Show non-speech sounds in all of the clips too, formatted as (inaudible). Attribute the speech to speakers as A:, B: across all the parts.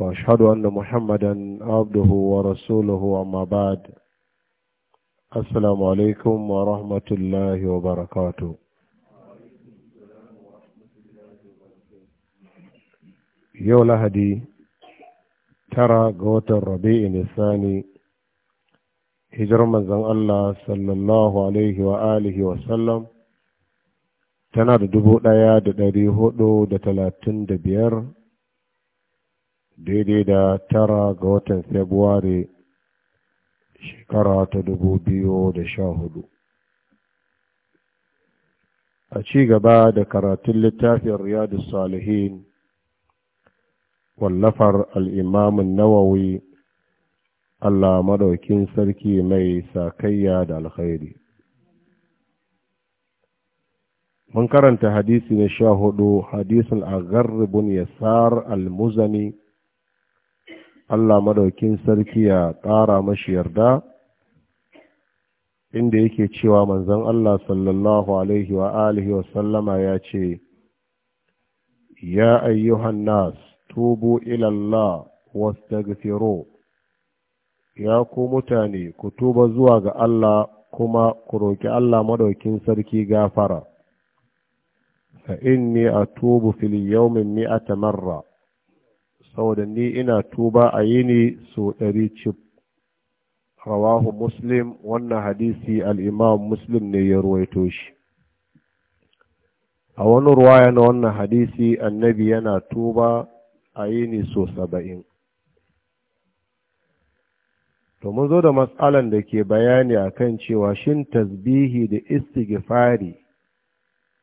A: واشهد ان محمدا عبده ورسوله اما بعد السلام عليكم ورحمه الله وبركاته yau lahadi tara ga watan rabi'i nisani hijirar manzan Allah sallallahu alaihi wa alihi wa sallam tana da dubu ɗaya da ɗari hudu da talatin da biyar daidai da tara ga watan Februari shekara ta dubu biyu da sha hudu. A ci gaba da karatun littafin Riyadu Salihin, wallafar al'imamin Nawawi, Allah madaukin sarki mai sakayya da alkhairi. Mun karanta hadisi na sha hudu, يسار المزني al-muzani, Allah madaukin sarki ya ƙara mashi yarda inda yake cewa manzon Allah sallallahu alaihi wa alihi wa sallama ya ce ya ayyuhan nas tubu ila Allah wastaghfiru ya ku mutane ku tuba zuwa ga Allah kuma ku roki Allah madaukin sarki gafara fa inni atubu fil yawmi 100 marra saboda ni ina tuba a yi ni so ɗari cif rawahu muslim wannan hadisi al'imam muslim ne ya ruwaito shi a wani ruwaya na wannan hadisi annabi yana tuba a yi ni so saba'in to mun zo da matsalan da ke bayani a kan cewa shin tasbihi da istighfari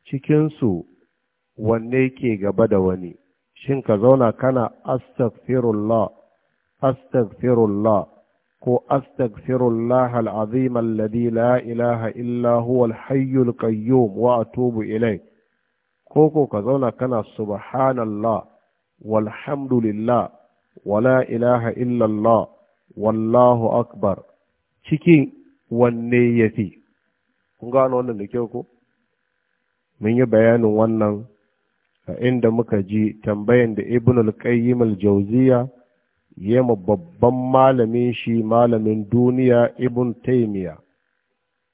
A: cikinsu wanne ke gaba da wani shin ka zauna kana astaghfirullah astaghfirullah ko astaghfirullah al'azim alladhi la ilaha illa huwa al-hayyul qayyum wa atubu ilayh ko ko ka zauna kana subhanallah walhamdulillah la ilaha illallah wallahu akbar cikin wanne yafi kun gano wannan da kyau ko mun yi bayanin wannan inda muka ji tambayan da ibn al-qayyim al-jawziya yema babban malamin shi malamin duniya ibn taymiya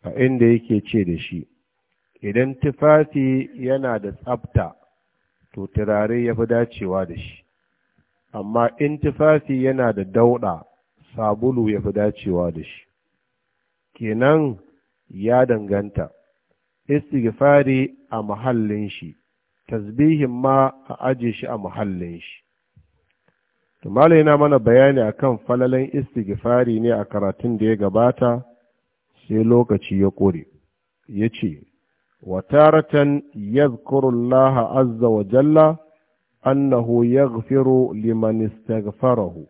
A: a inda yake ce da shi idan tufafi yana da tsafta to turare ya fi dacewa da shi amma in tufafi yana da dauɗa sabulu ya fi dacewa da shi kenan ya danganta istighfari a mahallin shi tasbihin ma a aje shi a muhallin shi tumala na mana bayani akan falalan istighfari ne a karatun da ya gabata sai lokaci ya ƙure ya ce wataratan yadhkurullaha azza wa jalla annahu yaghfiru liman istaghfarahu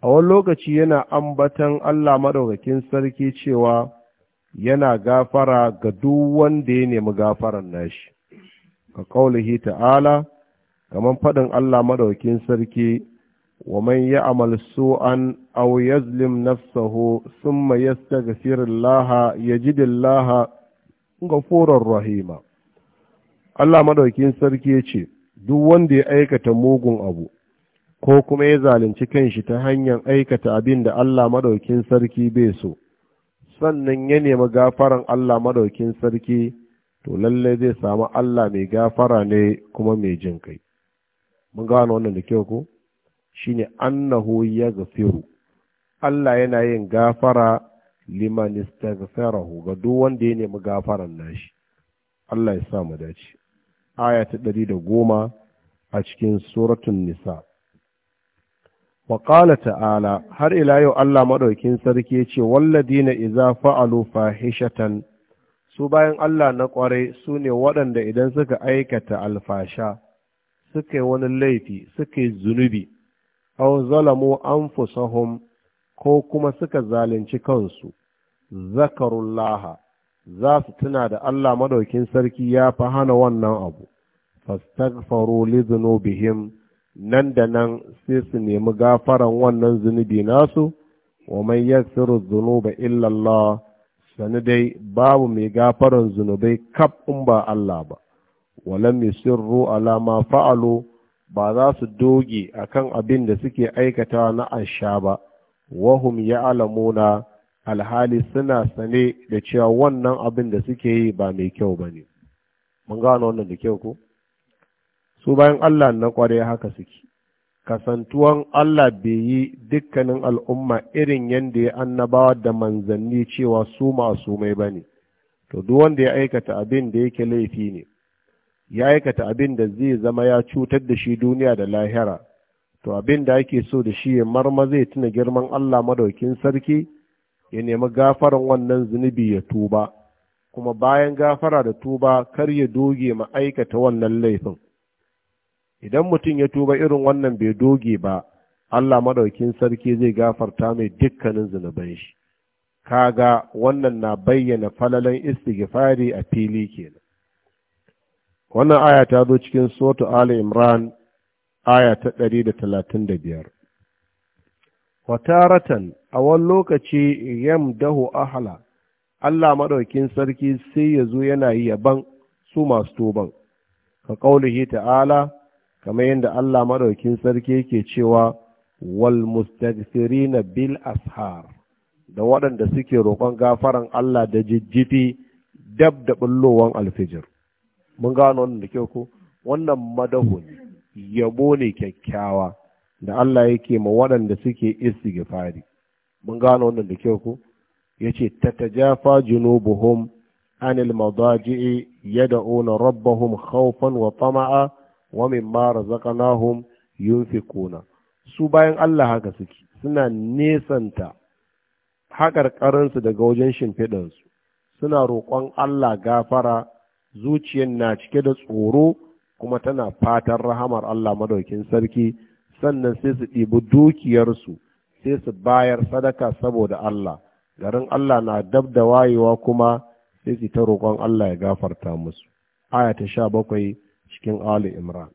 A: a wani lokaci yana ambatan Allah madaukakin sarki cewa yana gafara ga duk wanda ya nemi gafaran nashi ka qaulihi ta'ala kamar faɗin Allah Maɗaukin sarki wa man ya'mal su'an aw yazlim nafsahu thumma yastaghfirullah yajidillah ghafurur rahima Allah madaukin sarki yace duk wanda ya aikata mugun abu ko kuma ya zalunci kanshi ta hanyar aikata abin da Allah madaukin sarki bai so sannan ya nemi gafaran Allah madaukin sarki to lalle zai samu Allah mai gafara ne kuma mai jin kai mun gano wannan da kyau ko shine ya gafiru? Allah yana yin gafara liman istaghfarahu ga duk wanda ya nemi gafaran nashi Allah ya sa mu dace aya ta goma a cikin suratun nisa وقال ta'ala har ila yau Allah maɗaukin sarki ya ce, Walladina iza fa'alu fahishatan su bayan Allah na ƙwarai su ne waɗanda idan suka aikata alfasha suka yi wani laifi suka yi zunubi au zalamu fusahun ko kuma suka zalunci kansu zakarullaha za su tuna da Allah madaukin sarki ya fi hana wannan abu fastaghfaru li bihim nan da nan sai su nemi gafaran wannan zunubi nasu wa man yaghfiru zunuba illallah. sani dai babu mai gafaran zunubai kaf in ba Allah ba walam yusirru ala ma fa'alu ba za su doge akan abin da suke aikata na asha ba wahum ya'lamuna alhali suna sane da cewa wannan abin da suke yi ba mai kyau ba ne mun gano wannan da kyau ko su bayan Allah na kware haka suke kasantuwan Allah bai yi dukkanin al'umma irin yadda ya annabawa da manzanni cewa su mai ba ne, to duk wanda ya aikata abin da yake laifi ne, ya aikata abin da zai zama ya cutar da shi duniya da lahira, to abin da ake so da shi ya marma zai tuna girman Allah madaukin sarki ya nemi gafaran wannan zunubi ya tuba, kuma bayan gafara da tuba kar ya doge ma aikata wannan laifin. idan mutum ya tuba irin wannan bai doge ba Allah Maɗaukin sarki zai gafarta mai dukkanin zunuban shi kaga wannan na bayyana falalan istighfari a fili kenan wannan aya ta zo cikin suratu ali imran aya ta 135 wataratan a wani lokaci yam dahu ahla Allah Maɗaukin sarki sai ya zo yana yaban su masu tuban ka kaulihi ta'ala kamar yadda Allah maɗaukin sarki yake cewa wal na bil ashar da waɗanda suke roƙon gafaran Allah da jijjifi dab da bullowan alfijir mun gano wannan da kyau ko wannan madahu ne yabo ne kyakkyawa da Allah yake ma waɗanda suke istighfari mun gano wannan da kyau ko yace tatajafa junubuhum anil madaji'i yad'una rabbahum khawfan wa tama'a wa mimma razaqnahum yunfiquna su bayan Allah haka suke suna nesanta su daga wajen su suna roƙon Allah gafara zuciyar na cike da tsoro kuma tana fatan rahamar Allah madaukin sarki sannan sai su ɗibi su sai su bayar sadaka saboda Allah garin Allah na dab da wayewa kuma sai su ta roƙon Allah ya gafarta musu aya ta sha bakwai cikin Ali Imran.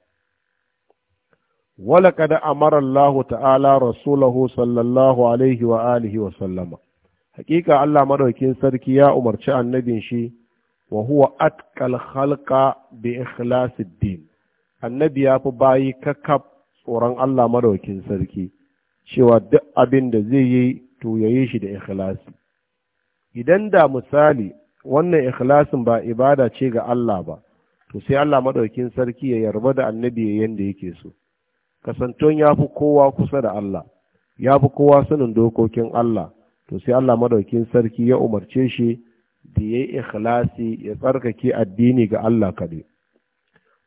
A: kada amara Allah ta'ala Rasulahu sallallahu Alaihi wa alihi wa sallama, hakika Allah madaukin sarki ya umarci annabin shi wa huwa atkal halka bi din. Annabi ya fi bayi kakaf tsoron Allah madaukin sarki, cewa duk abin da zai yi to ya shi da ikhlasi. Idan da misali wannan ikhlasin ba ibada ce ga Allah ba, to sai Allah madaukin sarki ya yarba da annabi yanda yake so kasanton ya fi kowa kusa da Allah ya fi kowa sanin dokokin Allah to sai Allah madaukin sarki ya umarce shi da yayi ikhlasi ya tsarkake addini ga Allah kaɗai.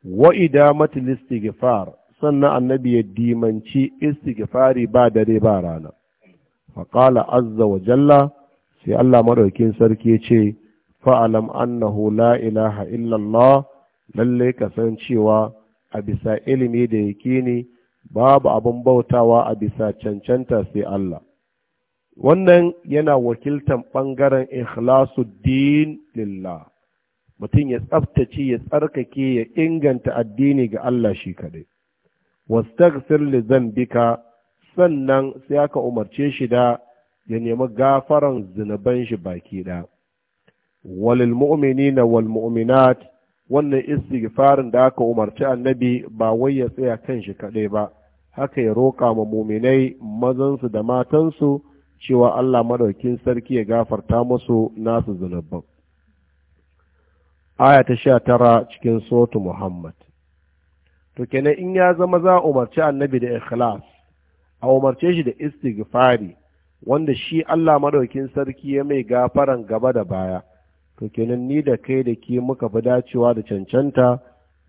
A: Wa idamatul istighfar sannan annabi ya dimanci istighfari ba dare ba rana. Faƙala azza wa jalla sai Allah madaukin sarki ya ce alam annahu la ilaha illallah lalle cewa a bisa ilimi da yakini babu abin bautawa a bisa cancanta sai Allah wannan yana wakiltan ɓangaren ikhlasuddin lillah mutum ya tsaftace ya tsarkake ya inganta addini ga Allah shi kaɗai. Wastaghfir li zambika sannan sai aka umarce shi da ya nemi gafaran zunuban shi baki ɗaya. Walil mu'minina wal mu'minat wannan istighfarin da aka umarci annabi ba wai ya tsaya kan shi kaɗai ba haka ya roƙa ma muminai mazansu da matansu cewa Allah Maɗaukin sarki ya gafarta musu nasu zunubban aya ta sha tara cikin sotu muhammad to kenan in ya zama za umarci annabi da ikhlas a umarce shi da istighfari wanda shi Allah Maɗaukin sarki ya mai gafaran gaba da baya to kenan ni da kai da ke muka fi dacewa da cancanta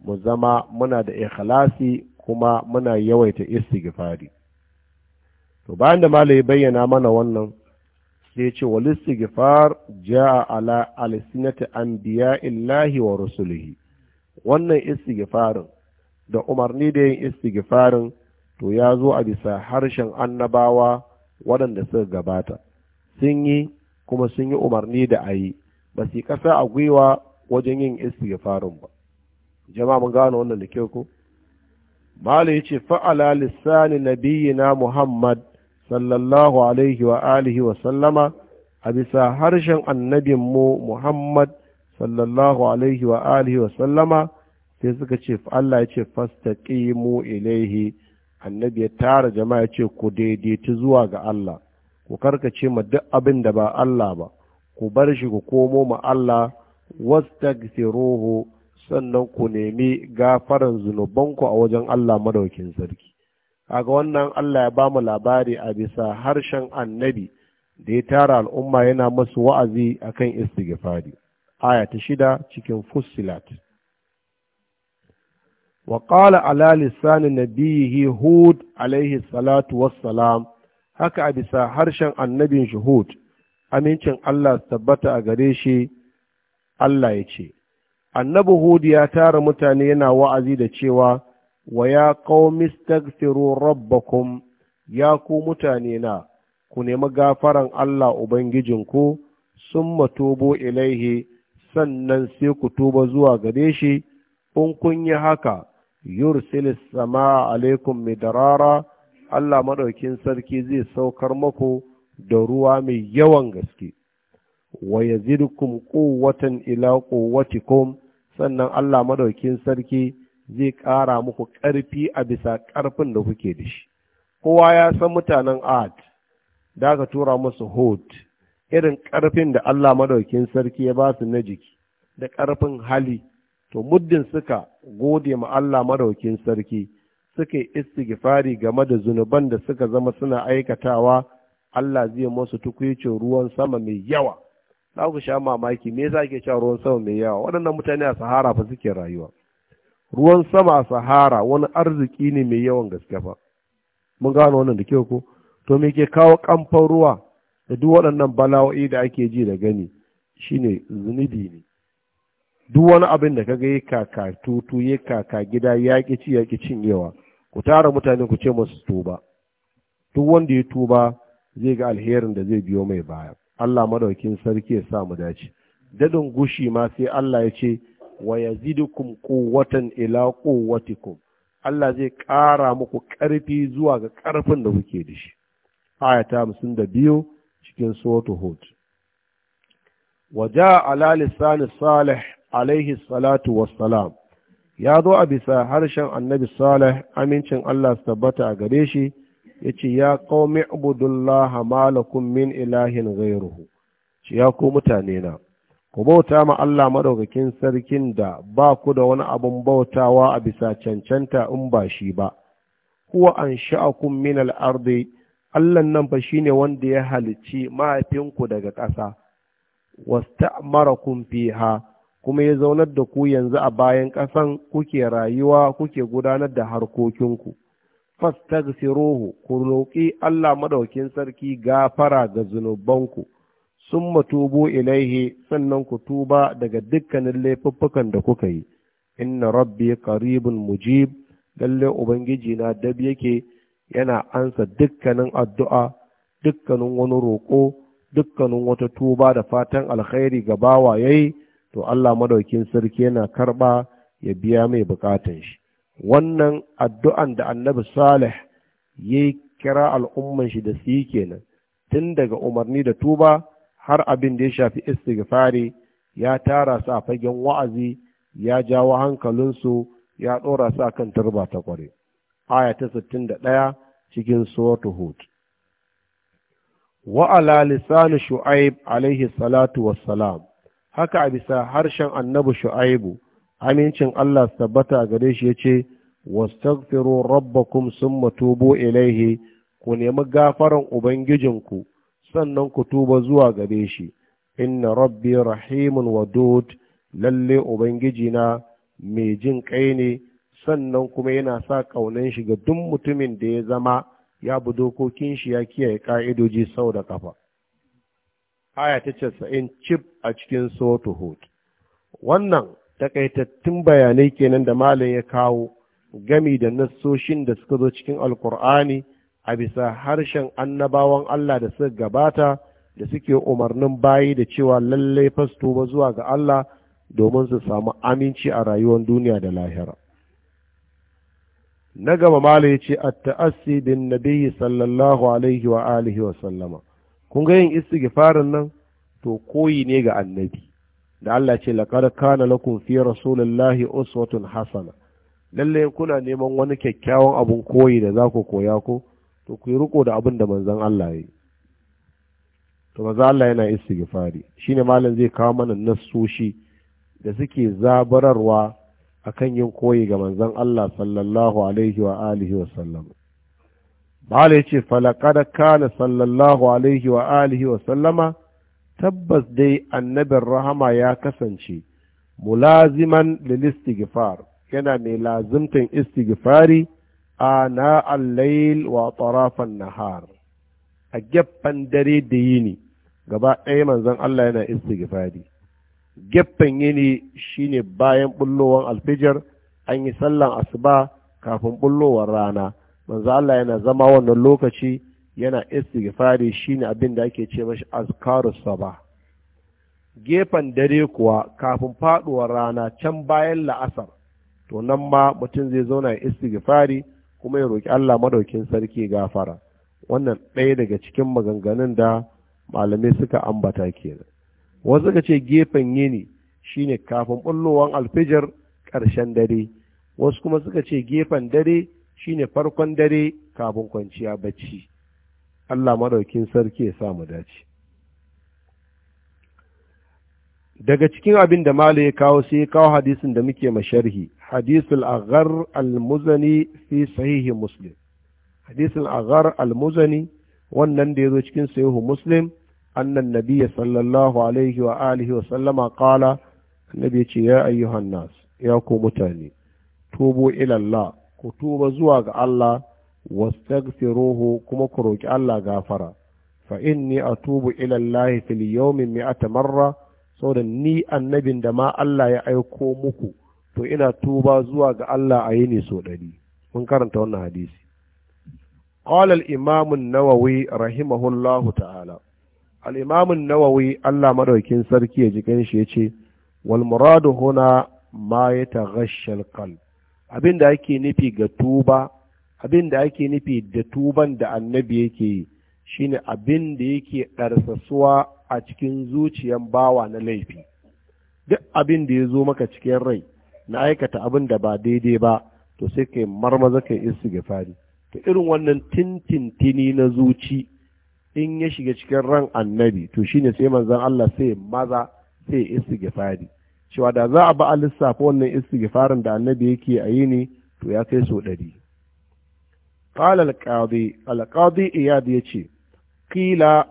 A: mu zama muna da ikhlasi kuma muna yawaita istighfari to bayan da malai bayyana mana wannan sai ce wal istighfar jaa ala alsinati Illahi wa rusulihi wannan istighfarin da umarni da yin istighfarin to ya zo a bisa harshen annabawa waɗanda suka gabata sun yi kuma sun yi umarni da ayi. ba su kasa a gwiwa wajen yin istighfarin ba jama'a mun gano wannan da kyau ko ya yace fa'ala biyu nabiyina muhammad sallallahu alaihi wa alihi wa sallama a bisa harshen annabin mu muhammad sallallahu alaihi wa alihi wa sallama sai suka ce Allah ya ce fastaqimu ilaihi annabi ya tara jama'a ya ce ku daidaitu zuwa ga Allah ku karkace ma duk abin da ba Allah ba ku bar shi ku komo ma Allah wastaghfiruhu sannan ku nemi gafaran zunubanku a wajen Allah madaukin sarki kaga wannan Allah ya bamu labari a bisa harshen annabi da ya tara al'umma yana masu wa'azi akan istighfari aya ta shida cikin fussilat wa qala ala lisani nabiyhi hud alayhi salatu wassalam haka a bisa harshen annabin shi hud amincin Allah tabbata a gare shi Allah ya ce annabi hudu ya tara mutane yana wa'azi da cewa wa ya qaumi rabbakum ya ku mutane na ku nemi gafaran Allah ubangijinku sun matobo ilaihi sannan sai ku tuba zuwa gare shi in kun yi haka yursil sama alaikum midarara Allah maɗaukin sarki zai saukar maku da ruwa mai yawan gaske wa zirkun kowatan ila quwwatikum sannan Allah madaukin sarki zai ƙara muku ƙarfi a bisa ƙarfin da kuke da shi kowa ya san mutanen Ad da aka tura musu hot irin ƙarfin da Allah madaukin sarki ya ba su na jiki da ƙarfin hali to muddin suka gode ma Allah madaukin sarki suka yi istighfari game da zunuban da suka zama suna aikatawa Allah zai masu tukwicin ruwan sama mai yawa za ku sha mamaki me yasa ke cewa ruwan sama mai yawa waɗannan mutane a sahara fa suke rayuwa ruwan sama a sahara wani arziki ne mai yawan gaske fa mun gano wannan da kyau ko to me ke kawo kamfan ruwa da duk waɗannan bala'o'i da ake ji da gani shine zunubi ne duk wani abin da kaga ya kaka tutu ya kaka gida ya ci ya cinyewa ku tara mutane ku ce masu tuba duk wanda ya tuba zai ga alherin da zai biyo mai baya Allah madaukin sarki ya sa mu dace dadin gushi ma sai Allah ya ce wa yazidukum quwwatan ila quwwatikum Allah zai ƙara muku ƙarfi zuwa ga ƙarfin da kuke da shi ayata 52 cikin Suratu hud waja ala lisan salih alayhi salatu wassalam ya zo a bisa harshen annabi salih amincin Allah su tabbata a gare shi ya ce ya qaumi ibudullaha malakun min ilahin gairuhu ce ya ku mutane na ku bauta ma Allah madaukakin sarkin da ba ku da wani abin bautawa a bisa cancanta in ba shi ba an sha'akun min al Allah nan fa shine wanda ya halicci mahaifinku daga ƙasa wasta'marakum fiha kuma ya zaunar da ku yanzu a bayan ƙasan kuke rayuwa kuke gudanar da harkokinku fastaghfiruhu ku roƙi Allah madaukin sarki gafara ga zunubanku summa tubu ilaihi sannan ku tuba daga dukkanin laifuffukan da kuka yi inna rabbi qaribun mujib lalle ubangiji na dab yake yana ansa dukkanin addu'a dukkanin wani roƙo dukkanin wata tuba da fatan alkhairi ga bawa yayi to Allah madaukin sarki yana karba ya biya mai bukatun shi wannan addu'an da annabi salih ya yi kira al'umman shi da su yi kenan tun daga umarni da tuba har abin da ya shafi istighfari ya tara su a fagen wa'azi ya jawo hankalinsu ya ɗora su kan turba ta ƙware aya ta ɗaya cikin suratu hud wa'ala lissani shu'aib alaihi salatu wassalam haka a bisa harshen annabi shu'aibu amincin Allah tabbata gare shi yace wastaghfiru rabbakum summa tubu ilaihi ku nemi gafaran ubangijinku sannan ku tuba zuwa gare shi inna rabbi rahimun wadud lalle ubangijina mai jin kai ne sannan kuma yana sa ƙaunan shi ga duk mutumin da ya zama ya bi dokokin shi ya kiyaye ƙa'idoji sau da kafa aya ta casa'in cif a cikin Soto hud wannan takaitattun bayanai kenan da malam ya kawo gami da nassoshin da suka zo cikin alkur'ani a bisa harshen annabawan Allah da suka gabata da suke umarnin bayi da cewa lallai fasto ba zuwa ga Allah domin su samu aminci a rayuwar duniya da lahira na gama malam ya ce a taassi bin nabiyyi sallallahu alaihi wa alihi wa sallama kun ga yin istighfarin nan to koyi ne ga annabi da Allah ce laqad kana lakum fi rasulillahi uswatun hasana lalle kuna neman wani kyakkyawan abun koyi da za ku koya ko to ku yi riko da abin da manzon Allah yi to za Allah yana istighfari shine malam zai kawo mana nassoshi da suke zabararwa akan yin koyi ga manzon Allah sallallahu alaihi wa alihi wa sallam Bala yace falaqad kana sallallahu alaihi wa alihi wa sallama tabbas dai annabin rahama ya kasance mulaziman lil-istighfar yana mai lazimtan istigifari a na allail wa tarafan nahar a gefen dare da yini gaba ɗaya manzon Allah yana istighfari gefen yini shine bayan bullowar alfijar an yi sallan asuba kafin bullowar rana manzon Allah yana zama wannan lokaci yana istighfari shine abin da ake ce mashi azkarus sabah gefen dare kuwa kafin faduwar rana can bayan la'asar to nan ma mutum zai zauna ya istighfari kuma ya roki Allah madaukin sarki gafara wannan ɗaya daga cikin maganganun da malamai suka ambata kenan wasu suka ce gefen yini shine kafin bullowan alfijir karshen dare wasu kuma suka ce gefen dare shine farkon dare kafin kwanciya bacci Allah madaukin sarki ya sa mu dace daga cikin abin da Malu ya kawo sai ya kawo hadisin da muke masharhi hadisul aghar al-muzani fi sahihi muslim hadisul aghar al-muzani wannan da yazo cikin sahihu muslim annan nabiyya sallallahu alaihi wa alihi wa sallama kala, annabi ce ya ayyuhan nas ya ku mutane Tubo ila Allah ku tuba zuwa ga Allah wastaghfiruhu kuma ku roki Allah gafara fa a tubu ila Allah fil yawmi mi'ata marra saboda ni annabin da ma Allah ya aiko muku to ina tuba zuwa ga Allah a yini so ɗari mun karanta wannan hadisi قال الإمام النووي رحمه الله تعالى الإمام النووي الله مدوكين سركي يجيكين شيء والمراد هنا ما يتغشى القلب abin da ake nufi ga tuba abin da ake nufi da tuban da annabi yake yi shine abin da yake ƙarsasuwa a cikin zuciyan bawa na laifi duk abin da ya zo maka cikin rai na aikata abin da ba daidai ba to sai kai marmaza kai istighfari to irin wannan tintintini na zuci in ya shiga cikin ran annabi to shine sai manzon Allah sai maza sai istighfari cewa da za a ba a lissafa wannan gifarin da annabi yake a yi ne to ya kai so ɗari قال القاضي القاضي إياد يتي قيل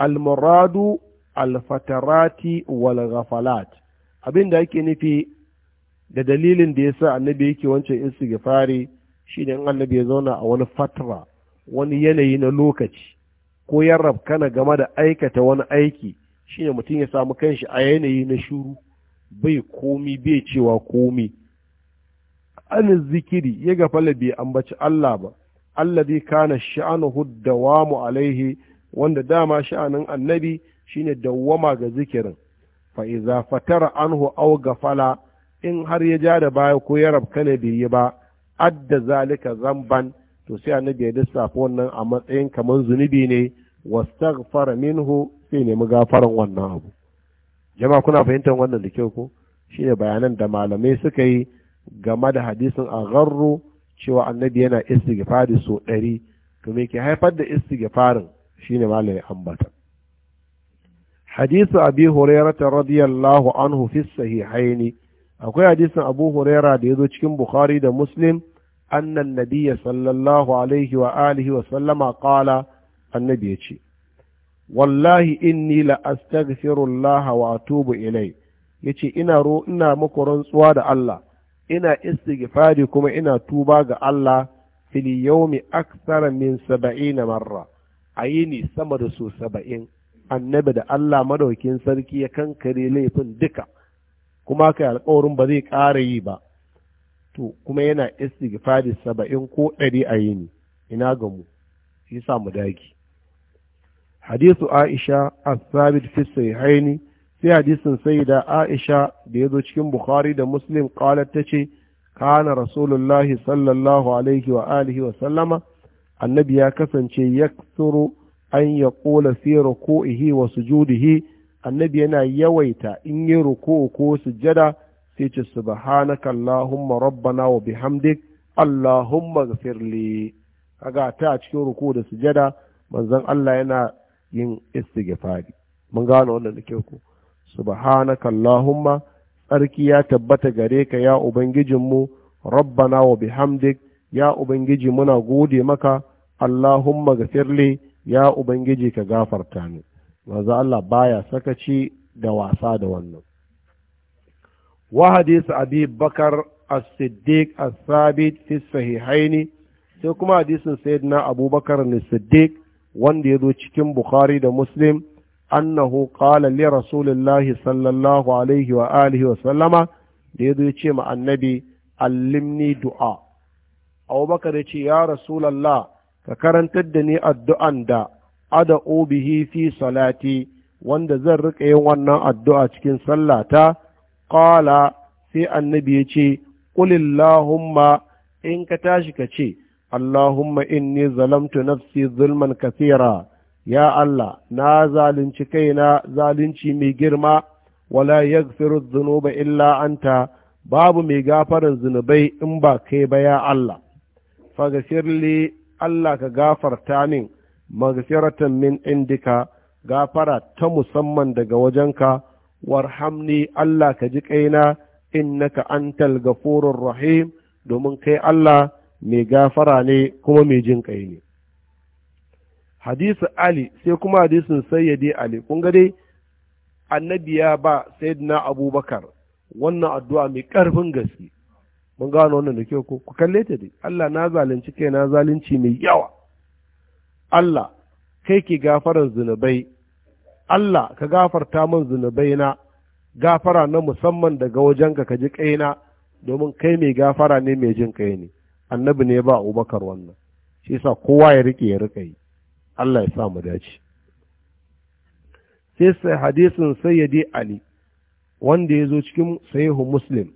A: المراد الفترات والغفلات abin da ake nufi da dalilin da ya sa annabi yake wancan istighfari shine in annabi ya zauna a wani fatra wani yanayi na lokaci ko ya rabkana game da aikata wani aiki shine mutum ya samu kanshi a yanayi na shuru bai komi bai cewa komi an zikiri ya gafala bai ambaci Allah ba alladhi kana sha'anuhu dawamu alaihi wanda dama sha'anin annabi shine dawwama ga zikirin fa idza fatara anhu aw gafala in har ya ja da baya ko ya rabka ne bai yi ba adda zalika zamban to sai annabi ya lissafa wannan a matsayin kamar zunubi ne wastaghfara minhu sai nemi gafaran wannan abu jama'a kuna fahimtar wannan da kyau ko shine bayanan da malamai suka yi game da hadisin agharru cewa annabi yana istighfari so ɗari to me ke haifar da istighfarin shine malai ambata hadisu abi hurairata radiyallahu anhu fi sahihaini akwai hadisin abu huraira da yazo cikin bukhari da muslim annan nabiyya sallallahu alaihi wa alihi wa sallama qala annabi yace wallahi inni la astaghfirullaha wa atubu ilai yace ina ro ina muku rantsuwa da Allah ina istighfari kuma ina tuba ga Allah fil yawmi aksara min 70 marra ayini sama da su 70 annabi da Allah madaukin sarki ya kankare laifin duka kuma kai alƙawarin ba zai ƙara yi ba to kuma yana istighfari 70 ko 100 ayini ina ga mu yasa mu dage hadisu aisha as-sabit fi sahihaini sai hadisin sai da aisha da ya zo cikin bukhari da muslim kalar ta ce kana rasulullahi sallallahu alaihi wa alihi wa sallama annabi ya kasance yaksuru an ya ƙola fi ruku'ihi wa sujudihi annabi yana yawaita in yi ruku ko sujada sai ce subhanaka allahumma rabbana wa bihamdik allahumma a ga ta cikin ruku'u da sujada manzon Allah yana yin istighfari mun gano wannan da kyau ku. subhanaka allahumma tsarki ya tabbata gare ka ya ubangijinmu rabbana wa bihamdik ya ubangiji muna gode maka allahumma gafirli ya ubangiji ka gafarta ni maza Allah baya sakaci da wasa da wannan wa hadisi abi bakar as-siddiq as-sabit fi sahihaini sai kuma hadisin sayyidina abubakar as-siddiq wanda ya zo cikin bukhari da muslim annahu qala li rasulillahi sallallahu alaihi wa alihi wa sallama da yazo yace ma annabi allimni du'a Abubakar yace ya rasulullah ka karantar da ni addu'an da ad'u bihi fi salati wanda zan rika yin wannan addu'a cikin sallata Ƙala sai annabi yace qulillahumma in ka tashi ka ce allahumma inni zalamtu nafsi zulman kathira ya Allah na zalunci kaina zalunci mai girma wala yaghfiru dhunuba illa anta babu mai gafaran zunubai in ba kai ba ya Allah faghfirli Allah ka gafarta min maghfiratan min indika gafara ta musamman daga wajenka warhamni Allah ka ji kaina innaka antal ghafurur rahim domin kai Allah mai gafara ne kuma mai jin kai ne hadisi ali sai kuma hadisin sayyadi ali kun ga dai annabi ya ba sayyidina abubakar wannan addu'a mai ƙarfin gaske mun gano wannan da ke ku kalle ta dai Allah na zalunci kai na zalunci mai yawa Allah kai ki gafaran zunubai Allah ka gafarta min zunubai na gafara na musamman daga wajenka ka ji kaina domin kai mai gafara ne mai jin kai ne annabi ne ba abubakar wannan shi yasa kowa ya rike ya rika yi Allah ya sa mu dace sai sai hadisin sayyidi ali wanda ya zo cikin sahihu muslim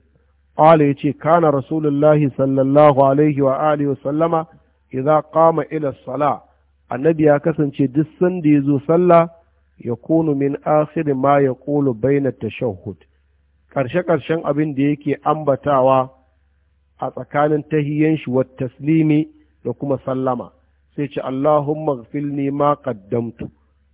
A: qala yace kana rasulullahi sallallahu alaihi wa alihi sallama idza qama ila annabi ya kasance duk sanda ya zo sallah ya kunu min akhir ma ya kulu baina tashahhud karshe karshen abin da yake ambatawa a tsakanin tahiyyan shi wa taslimi da kuma sallama sai ce Allahumma ghfirli ma qaddamtu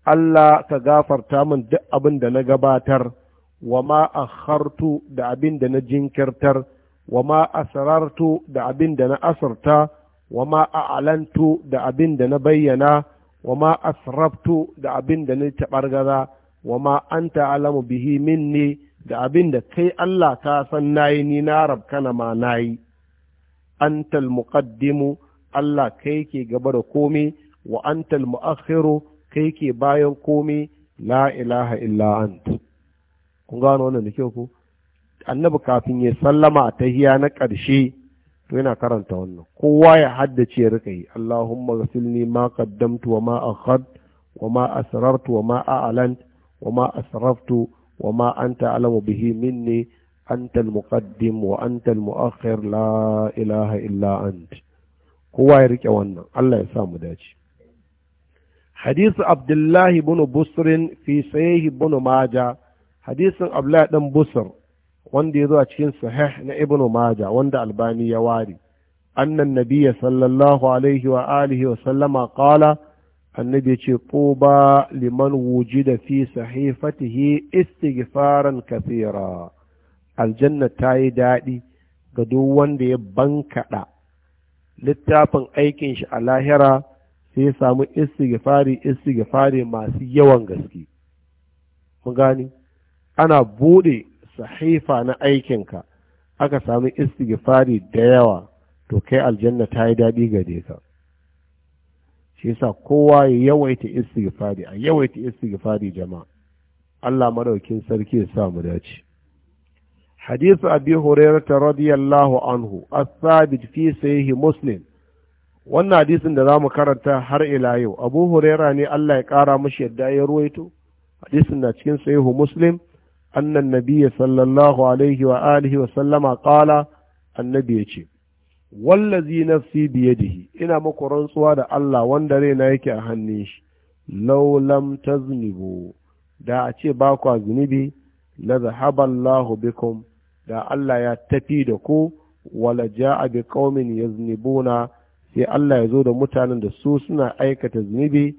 A: Allah ka gafarta min duk abin da na gabatar wa ma akhartu da abin da na jinkirtar wa ma asrartu da abin da na asarta wa ma a'lantu da abin da na bayyana wa ma asraftu da abin da na tabargaza wa ma anta alamu bihi minni da abin da kai Allah ka san nayi ni na rabkana ma nayi antal muqaddimu Allah kai ke gaba da komai wa antal mu'akhiru kai ke bayan komai la ilaha illa ant kun gano wannan da kyau ko annabi kafin ya sallama a tahiya na ƙarshe to yana karanta wannan kowa ya haddace ya rika yi Allahumma ghsilni ma qaddamtu wa ma akhad wa ma asrartu wa ma a'lant wa ma asraftu wa ma anta alamu bihi minni anta al-muqaddim wa anta al-mu'akhir la ilaha illa anta kowa ya riƙe wannan Allah ya sa mu dace hadisi abdullahi bin busrin fi sahih bin maja hadisin abdullahi dan busr wanda ya zo a cikin sahih na Ibnu maja wanda albani ya wari. annan nabiyya sallallahu alaihi wa alihi wa sallama qala annabi ya ce ba liman wujida fi sahifatihi istighfaran kathira aljanna ta yi daɗi ga duk wanda ya bankaɗa littafin aikin shi a lahira sai ya samu istighfari istighfari masu yawan gaske mun gani ana bude sahifa na aikinka aka samu istighfari da yawa to kai aljanna ta yi daɗi gare ka shi yasa kowa ya yawaita istighfari a yawaita istighfari jama'a Allah madaukin sarki ya sa mu dace حديث أبي هريرة رضي الله عنه الثابت في سيه مسلم wannan hadisin da za mu karanta har ila yau abu huraira ne Allah ya ƙara mashi yadda ya ruwaito hadisin na cikin sahihu muslim annan nabiyya sallallahu alaihi wa alihi wa sallama qala annabi yace wallazi nafsi biyadihi ina muku rantsuwa da Allah wanda na yake a hannun shi law lam taznibu da a ce ba ku zunubi la zahaba Allahu bikum da Allah ya tafi da ku wala ja'a bi qaumin yaznibuna sai Allah ya zo da mutanen da su suna aikata zunubi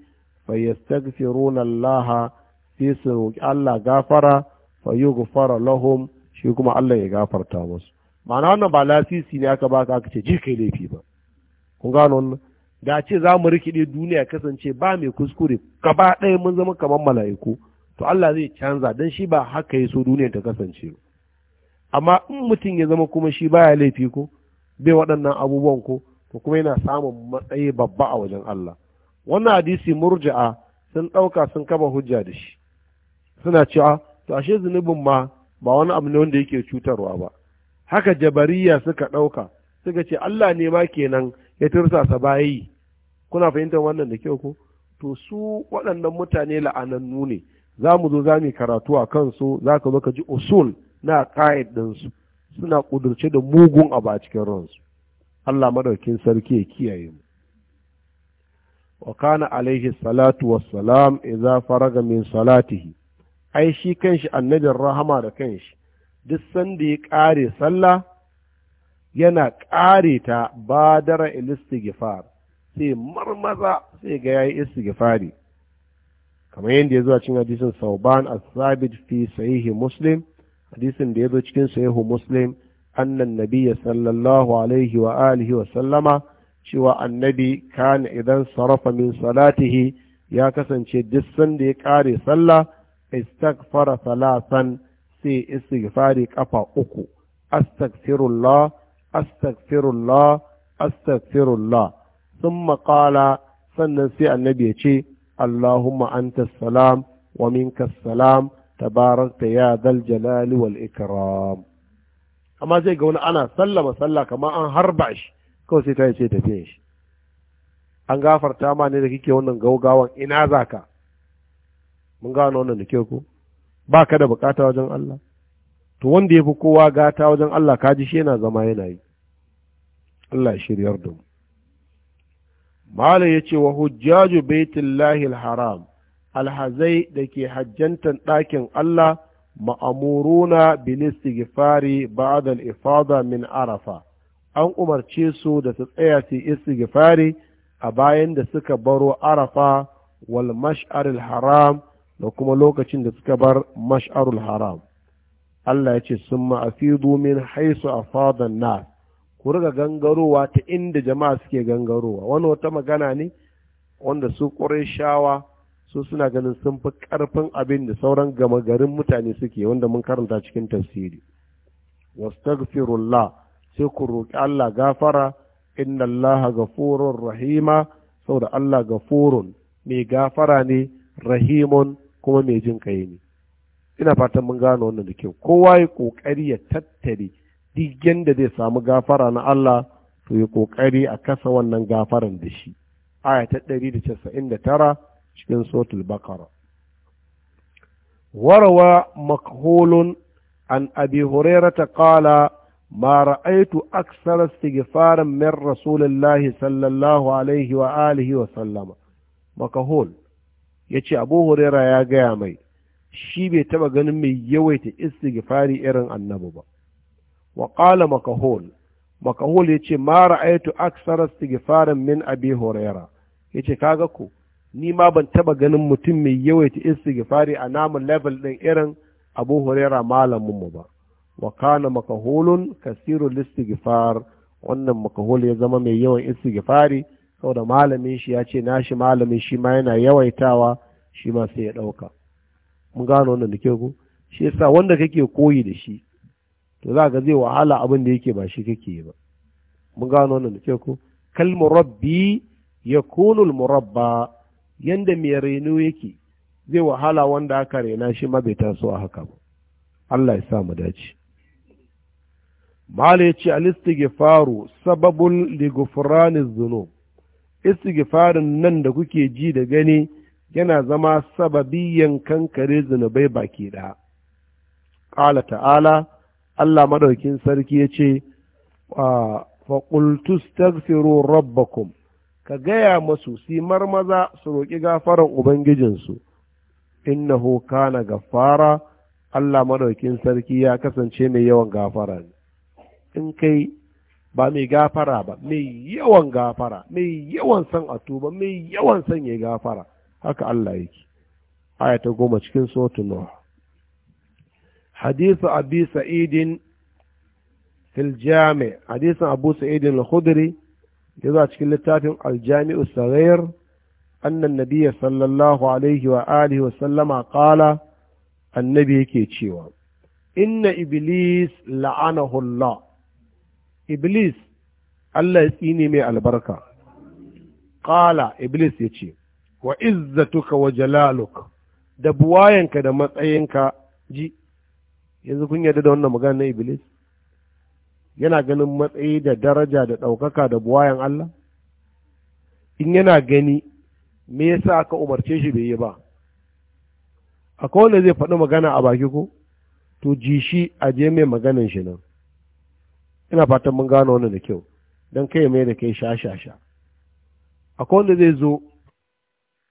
A: fa yastaghfiruna Allah sai su roki Allah gafara fa yughfara lahum shi kuma Allah ya gafarta musu ma'ana wannan ba lasisi ne aka baka aka ce je kai laifi ba kun gano wannan da ce za mu rikide duniya kasance ba mai kuskure gaba ɗaya mun zama kamar mala'iku to Allah zai canza dan shi ba haka ya so duniya ta kasance ba amma in mutum ya zama kuma shi baya laifi ko bai waɗannan abubuwan ko to kuma yana samun matsayi babba a wajen Allah wannan hadisi murji'a sun ɗauka sun kama hujja da shi suna cewa to ashe zunubin ma ba wani abu ne wanda yake cutarwa ba haka jabariya suka ɗauka suka ce Allah ne ma kenan ya tursasa bayi kuna fahimtar wannan da kyau ko to su waɗannan mutane la'anannu ne za mu zo za mu karatu a kansu za ka zo ka ji usul na ƙa'id ɗinsu suna ƙudurce da mugun abu a cikin ransu Allah madaukin sarki ya kiyaye mu wa kana alaihi salatu wassalam idza faraga min salatihi ai shi kanshi annabin rahama da kanshi duk sanda ya ƙare sallah yana ƙare ta badara istighfar sai marmaza sai ga yayi istighfari kamar yadda ya zuwa cin hadisin sauban as-sabit fi sahihi muslim hadisin da ya zo cikin sahihu muslim annan nabiyya sallallahu alaihi wa alihi wa sallama cewa annabi kana idan sarafa min salatihi ya kasance duk sanda ya kare sallah istaghfara salasan sai istighfari kafa uku astaghfirullah astaghfirullah astaghfirullah thumma qala sannan sai annabi ya ce allahumma anta salam wa minka salam tabarakta ya dal jalali wal ikram amma zai ga wani ana sallama sallah kamar an harba shi kawai sai ta ce tafiyan shi an gafarta ma ne da kike wannan gaugawan ina za ka mun gano wannan da ke ku ba ka da wajen Allah to wanda ya fi kowa gata wajen Allah kaji shi yana zama yana yi Allah shiryar da mu Malam ya ce wa hujjaju baitullahi haram alhazai da ke hajjantan ɗakin Allah ma'amuruna bilis gifari al-ifada min arafa an umarce su da su tsaya su istighfari a bayan da suka baro arafa wal mash'aril haram da kuma lokacin da suka bar mash'arul haram Allah ya ce sun ma'afidu min haisu a fadan na ku riga gangarowa ta inda jama'a suke gangarowa wani wata magana ne wanda su shawa su suna ganin sun fi ƙarfin abin da sauran gama garin mutane suke wanda mun karanta cikin tafsiri Wastagfirullah sai ku roƙi Allah gafara inna Allah gafurur rahima saboda Allah gafurun mai gafara ne rahimun kuma mai jin kai ne ina fatan mun gano wannan da kyau kowa ya ƙoƙari ya tattare duk da zai samu gafara na Allah to ya ƙoƙari a kasa wannan gafaran da shi aya ta tara. cikin suratul bakara warawa makhulun an abi hurairata qala ma رأيت أكثر استغفارا min رسول sallallahu alaihi wa alihi wa sallama مكهول yace abu huraira ya gaya mai shi bai taɓa ganin mai yawaita istighfari irin annabi ba wa qala makahul makahul yace ma ra'aytu aksara istighfaran min abi huraira yace kaga ku ni ma ban taba ganin mutum mai yawaita istighfari a namun level ɗin irin abu huraira malamin mu ba wa kana makahulun kasirul Gifar, wannan makahul ya zama mai yawan istighfari saboda malamin shi ya ce na shi malamin shi ma yana yawaitawa shi ma sai ya ɗauka mun gano wannan da ku? Shi shi yasa wanda kake koyi da shi to za ga zai wahala abin da yake ba shi kake yi ba mun gano wannan da Kalmar ko kalmu rabbi yakunul murabba yanda mai reno yake zai wahala wanda aka rena shi ma bai taso a haka ba Allah ya sa mu dace Mala ya ce al-istighfaru sababul li ghufraniz dhunub istighfarin nan da kuke ji da gani yana zama sababiyan kankare zunubai baki ɗaya. Ƙala ta'ala, Allah madaukin sarki yace ce, qultu astaghfiru rabbakum ka gaya masu si marmaza su roƙi gafarar ubangijinsu innahu kana gafara Allah maɗaukin sarki ya kasance mai yawan gafara ne in kai ba mai gafara ba mai yawan gafara mai yawan san a tuba mai yawan san ya gafara haka Allah yake aya ta goma cikin suratul nuh abi sa'idin Filjami, jami' abu sa'idin al-khudri ya zo a cikin littafin aljami'u sarair annan nabiya sallallahu alaihi wa alihi wa sallama kala annabi yake cewa inna iblis la'ana Allah iblis Allah ya tsini mai albarka kala iblis ya ce. wa izzatuka wa jalaluk da buwayenka da matsayinka ji yanzu kun yarda da wannan magana na iblis yana ganin matsayi da daraja da ɗaukaka da buwayan Allah in yana gani me yasa aka umarce shi bai yi ba akwai wanda zai faɗi magana a baki ko to ji shi a je mai maganin shi nan ina fatan mun gano wani da kyau don kai mai da kai sha-sha-sha akwai wanda zai zo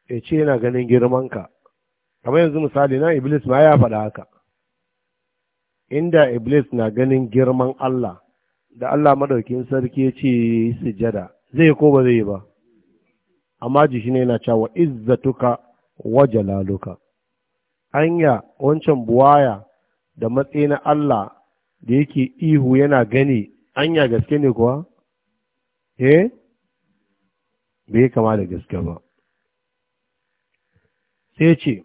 A: ya ce yana ganin girmanka kamar yanzu misali na iblis ma ya faɗa haka inda iblis na ganin girman Allah da Allah madaukin sarki ya ce sujada zai ko ba zai ba amma ji shi ne yana cewa izzatuka wa jalaluka Anya wancan buwaya da matsayi na Allah da yake ihu yana gani anya gaske ne kuwa eh bai kama da gaske ba sai ce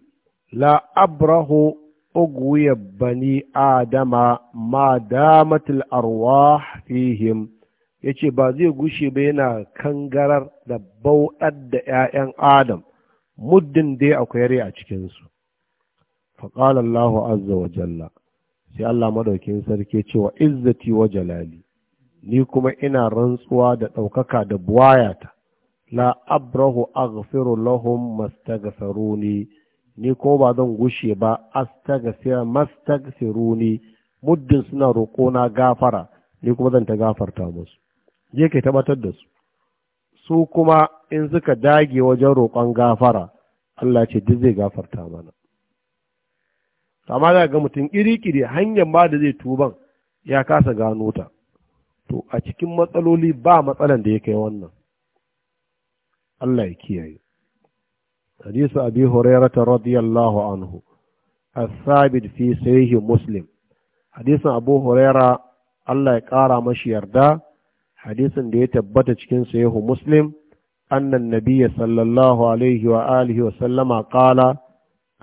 A: la abrahu أغوي بني آدم ما دامت الأرواح فيهم yace ba zai gushe ba yana kangarar da bauɗar da ‘ya'yan Adam muddin dai akwai rai a cikinsu. Faƙalar azza wa jalla, sai Allah madaukin sarki cewa izzati wa jalali, ni kuma ina rantsuwa da ɗaukaka da buwayata, la abrahu aghfiru lahum mastaghfiruni ni ko ba zan gushe ba astaghfir ne, muddin suna roƙo na gafara ni kuma zan ta gafarta musu je kai tabbatar da su su kuma in suka dage wajen roƙon gafara Allah ce duk zai gafarta mana amma za ga mutum ƙiri-ƙiri hanyar ba da zai tuban ya kasa gano ta to a cikin matsaloli ba matsalan da ya kai wannan Allah ya kiyaye حديث أبي هريرة رضي الله عنه الثابت في صحيح مسلم حديث أبو هريرة الله يقارى مشي يردا حديث دي تبتج كن صحيح مسلم أن النبي صلى الله عليه وآله وسلم قال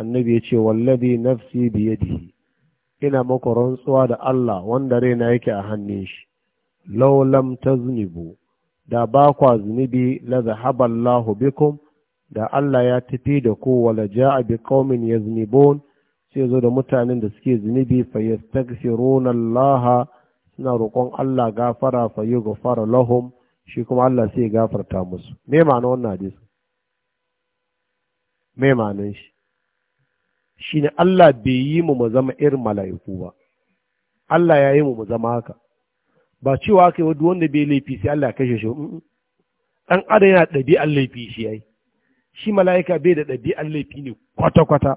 A: النبي يقول والذي نفسي بيده ina muku rantsuwa da Allah wanda raina yake a hannun shi, laulam ta zunibu, da ba kwa zunubi la zahaballahu bikum da Allah ya tafi da ku wala ja'a bi qaumin yaznibun sai zo da mutanen da suke zunubi fa yastaghfiruna Allah suna roƙon Allah gafara fa yughfara lahum shi kuma Allah sai ya gafarta musu me ma'anar wannan hadisi me ma'anar shi shine Allah bai yi mu mu zama irin mala'iku ba Allah ya yi mu mu zama haka ba cewa kai yi wanda bai laifi sai Allah ya kashe shi Dan adam yana ɗabi'ar laifi shi yayi shi mala'ika bai da ɗabi'an laifi ne kwata-kwata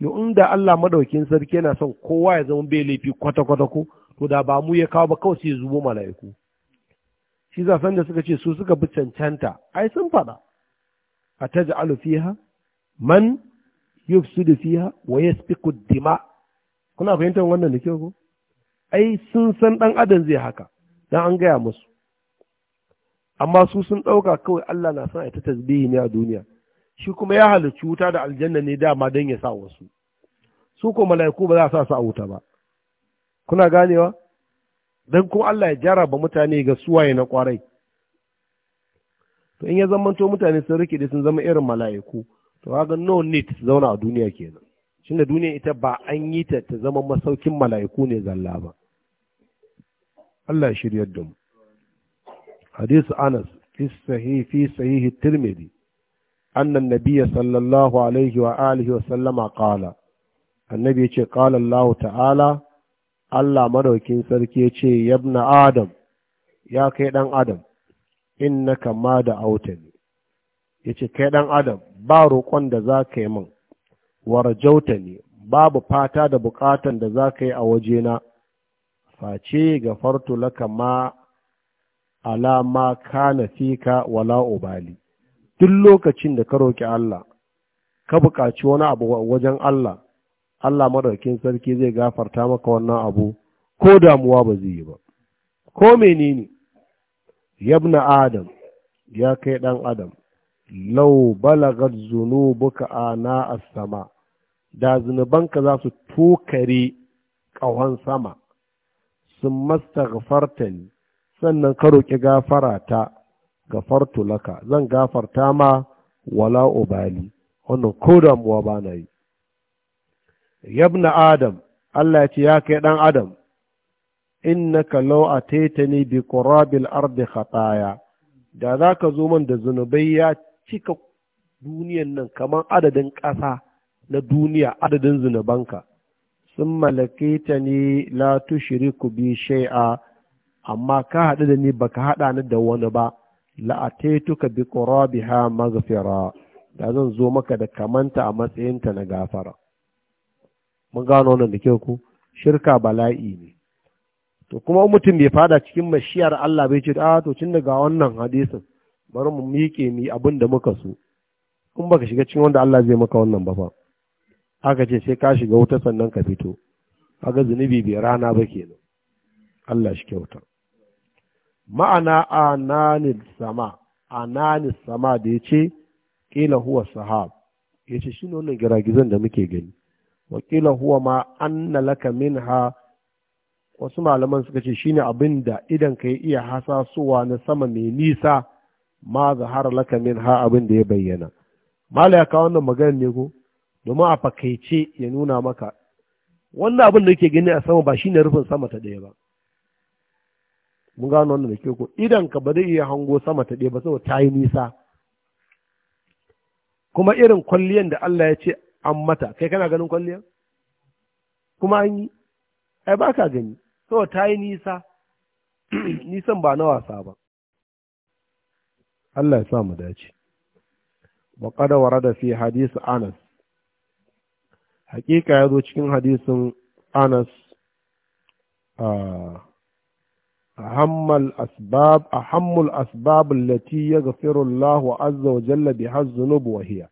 A: Yau da Allah maɗaukin sarki yana son kowa ya zama bai laifi kwata-kwata ko to da ba mu ya kawo ba kawai sai zubo mala'iku shi za san da suka ce su suka bi cancanta ai sun faɗa a taj'alu fiha man su da fiha wa ku dima kuna fahimtar wannan da kyau ko ai sun san ɗan adam zai haka don an gaya musu amma su sun ɗauka kawai Allah na son a ta tasbihi ne a duniya shi kuma ya halarci wuta da aljanna ne dama don ya sa wasu su ko mala'iku ba za a sa su a wuta ba kuna ganewa don kuma Allah ya jaraba mutane ga suwaye na kwarai to in ya zamanto mutane sun rike da sun zama irin mala'iku to haka no need zauna a duniya kenan da duniya ita ba an yi ta ta zama masaukin mala'iku ne zalla ba Allah ya shiryar da mu hadisi Anas fi sahihi fi sahihi Tirmidhi annan nabiyya sallallahu alaihi wa wa sallama qala annabi yace qala ta'ala Allah madaukin sarki yace yabna adam ya kai dan adam innaka ma da autani yace kai ɗan adam ba roƙon da za ka yi min warajautani babu fata da bukatan da za ka yi a waje na, face gafartu laka ma alama kana fika wala ubali duk lokacin da ka roƙi Allah ka buƙaci wani abu wajen Allah Allah madaukin sarki zai gafarta maka wannan abu ko damuwa ba zai yi ba ko menene yabna adam ya kai ɗan adam lau zunubu, zunubuka ana a sama da zunubanka za su tukare ƙahon sama sun masta mastaghfartani sannan ka roƙi gafara ta gafartu laka zan gafarta ma wala ubali wannan ko damuwa ba na yi yabna adam Allah ya ce ya kai dan adam innaka law ataitani bi qurabil ardi khataya da zaka zo man da zunubai ya cika duniyan nan kamar adadin ƙasa na duniya adadin zunubanka sun malakaita ne la tushiriku bi shai'a. amma ka haɗu da ni baka haɗa ni da wani ba la'ataituka bi qurabiha maghfira da zan zo maka da kamanta a matsayinta na gafara mun gano wannan da ke ku shirka bala'i ne to kuma mutum bai fada cikin mashiyar Allah bai ce a ah, to cin daga wannan hadisin bari mu miƙe ni abin muka so kun baka shiga cikin wanda Allah zai maka wannan ba fa aka ce sai ka shiga wuta sannan ka fito kaga zunubi bai rana ba kenan Allah shi kyautar. ma'ana ananin sama ananin sama da ya ce ƙila huwa sahab ya ce shi ne wannan giragizan da muke gani wakila huwa ma anna laka minha wasu malaman suka ce shine abin da idan ka iya hasasowa na sama mai nisa ma zahara laka ha abin da ya bayyana mala ya kawo wannan magana ne ko domin a fakaice ya nuna maka wannan abin da yake gani a sama ba shine rufin sama ta ɗaya ba mun gano wannan da ke ko idan ka ba zai iya hango sama ta ɗaya ba saboda ta yi nisa kuma irin kwalliyan da Allah ya ce an mata kai kana ganin kwalliyan kuma an yi ai ba ka gani saboda ta yi nisa (clears throat) nisan ba na wasa ba Allah ya sa mu dace wa qad warada fi hadith Anas hakika ya zo cikin hadisin Anas a ah, A hammul ahammul asbab allati yaghfiru Allahu azza wa jalla biha dhunub wa hiya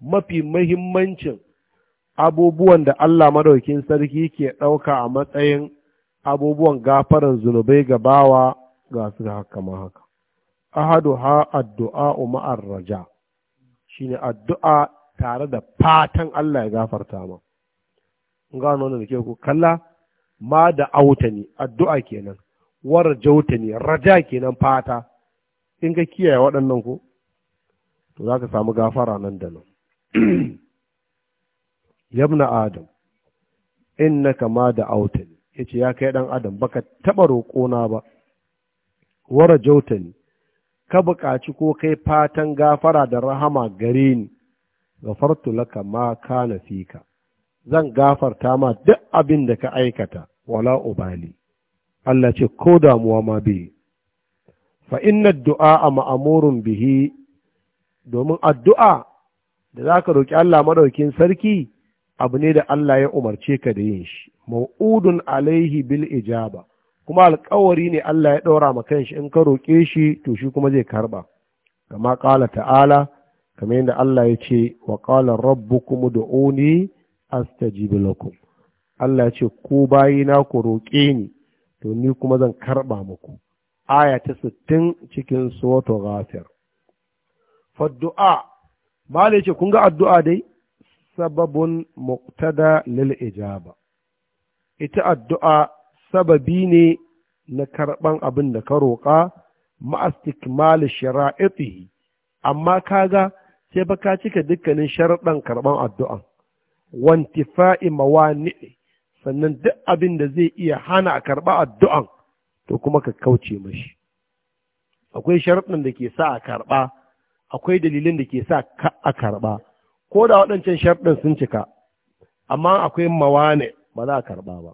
A: mafi muhimmancin abubuwan da Allah madaukin sarki ke ɗauka a matsayin abubuwan gafaran zunubai ga bawa ga su haka ma haka ahadu ha addu'a ma'ar raja shine addu'a tare da fatan Allah ya gafarta ma gano wannan da ke ku kalla ma da auta ne addu'a kenan war ne, raja kenan fata in ka kiyaye waɗannan ko to za ka samu gafara nan da nan (clears throat) yabna adam innaka kama da ne ya ce ya kai ɗan adam baka taɓa roƙona ba jauta ne, ka buƙaci ko kai fatan gafara da rahama gare ni gafartu laka ma kana fika zan gafarta ma duk abin da ka aikata wala ubali Allah ce ko damuwa ma bi fa inna du'a a ma'amurun bihi domin addu'a da za ka roƙi Allah maɗaukin sarki abu ne da Allah ya umarce ka da yin shi mau'udun alaihi bil ijaba kuma alƙawari ne Allah ya ɗaura ma kanshi in ka roƙe shi to shi kuma zai karɓa kama ƙala ta'ala kamar yadda Allah ya ce wa ƙala rabbukum du'uni astajibu lakum Allah ya ce ku bayina ku roƙe ni to ni kuma zan karɓa muku aya ta sittin cikin soto ghafir faddu'a malai ce kun ga addu'a dai sababun muqtada lil ijaba ita addu'a sababi ne na karɓan abin da ka roƙa ma'astikmal shara'itihi amma kaga sai ba ka cika dukkanin sharɗan karɓan addu'a wantifa'i mawani sannan duk abin da zai iya hana a karɓa addu'an to kuma ka kauce mashi akwai sharaɗin da ke sa a karɓa akwai dalilin da ke sa a karɓa ko da waɗancan sharaɗin sun cika amma akwai mawane ba za a karɓa ba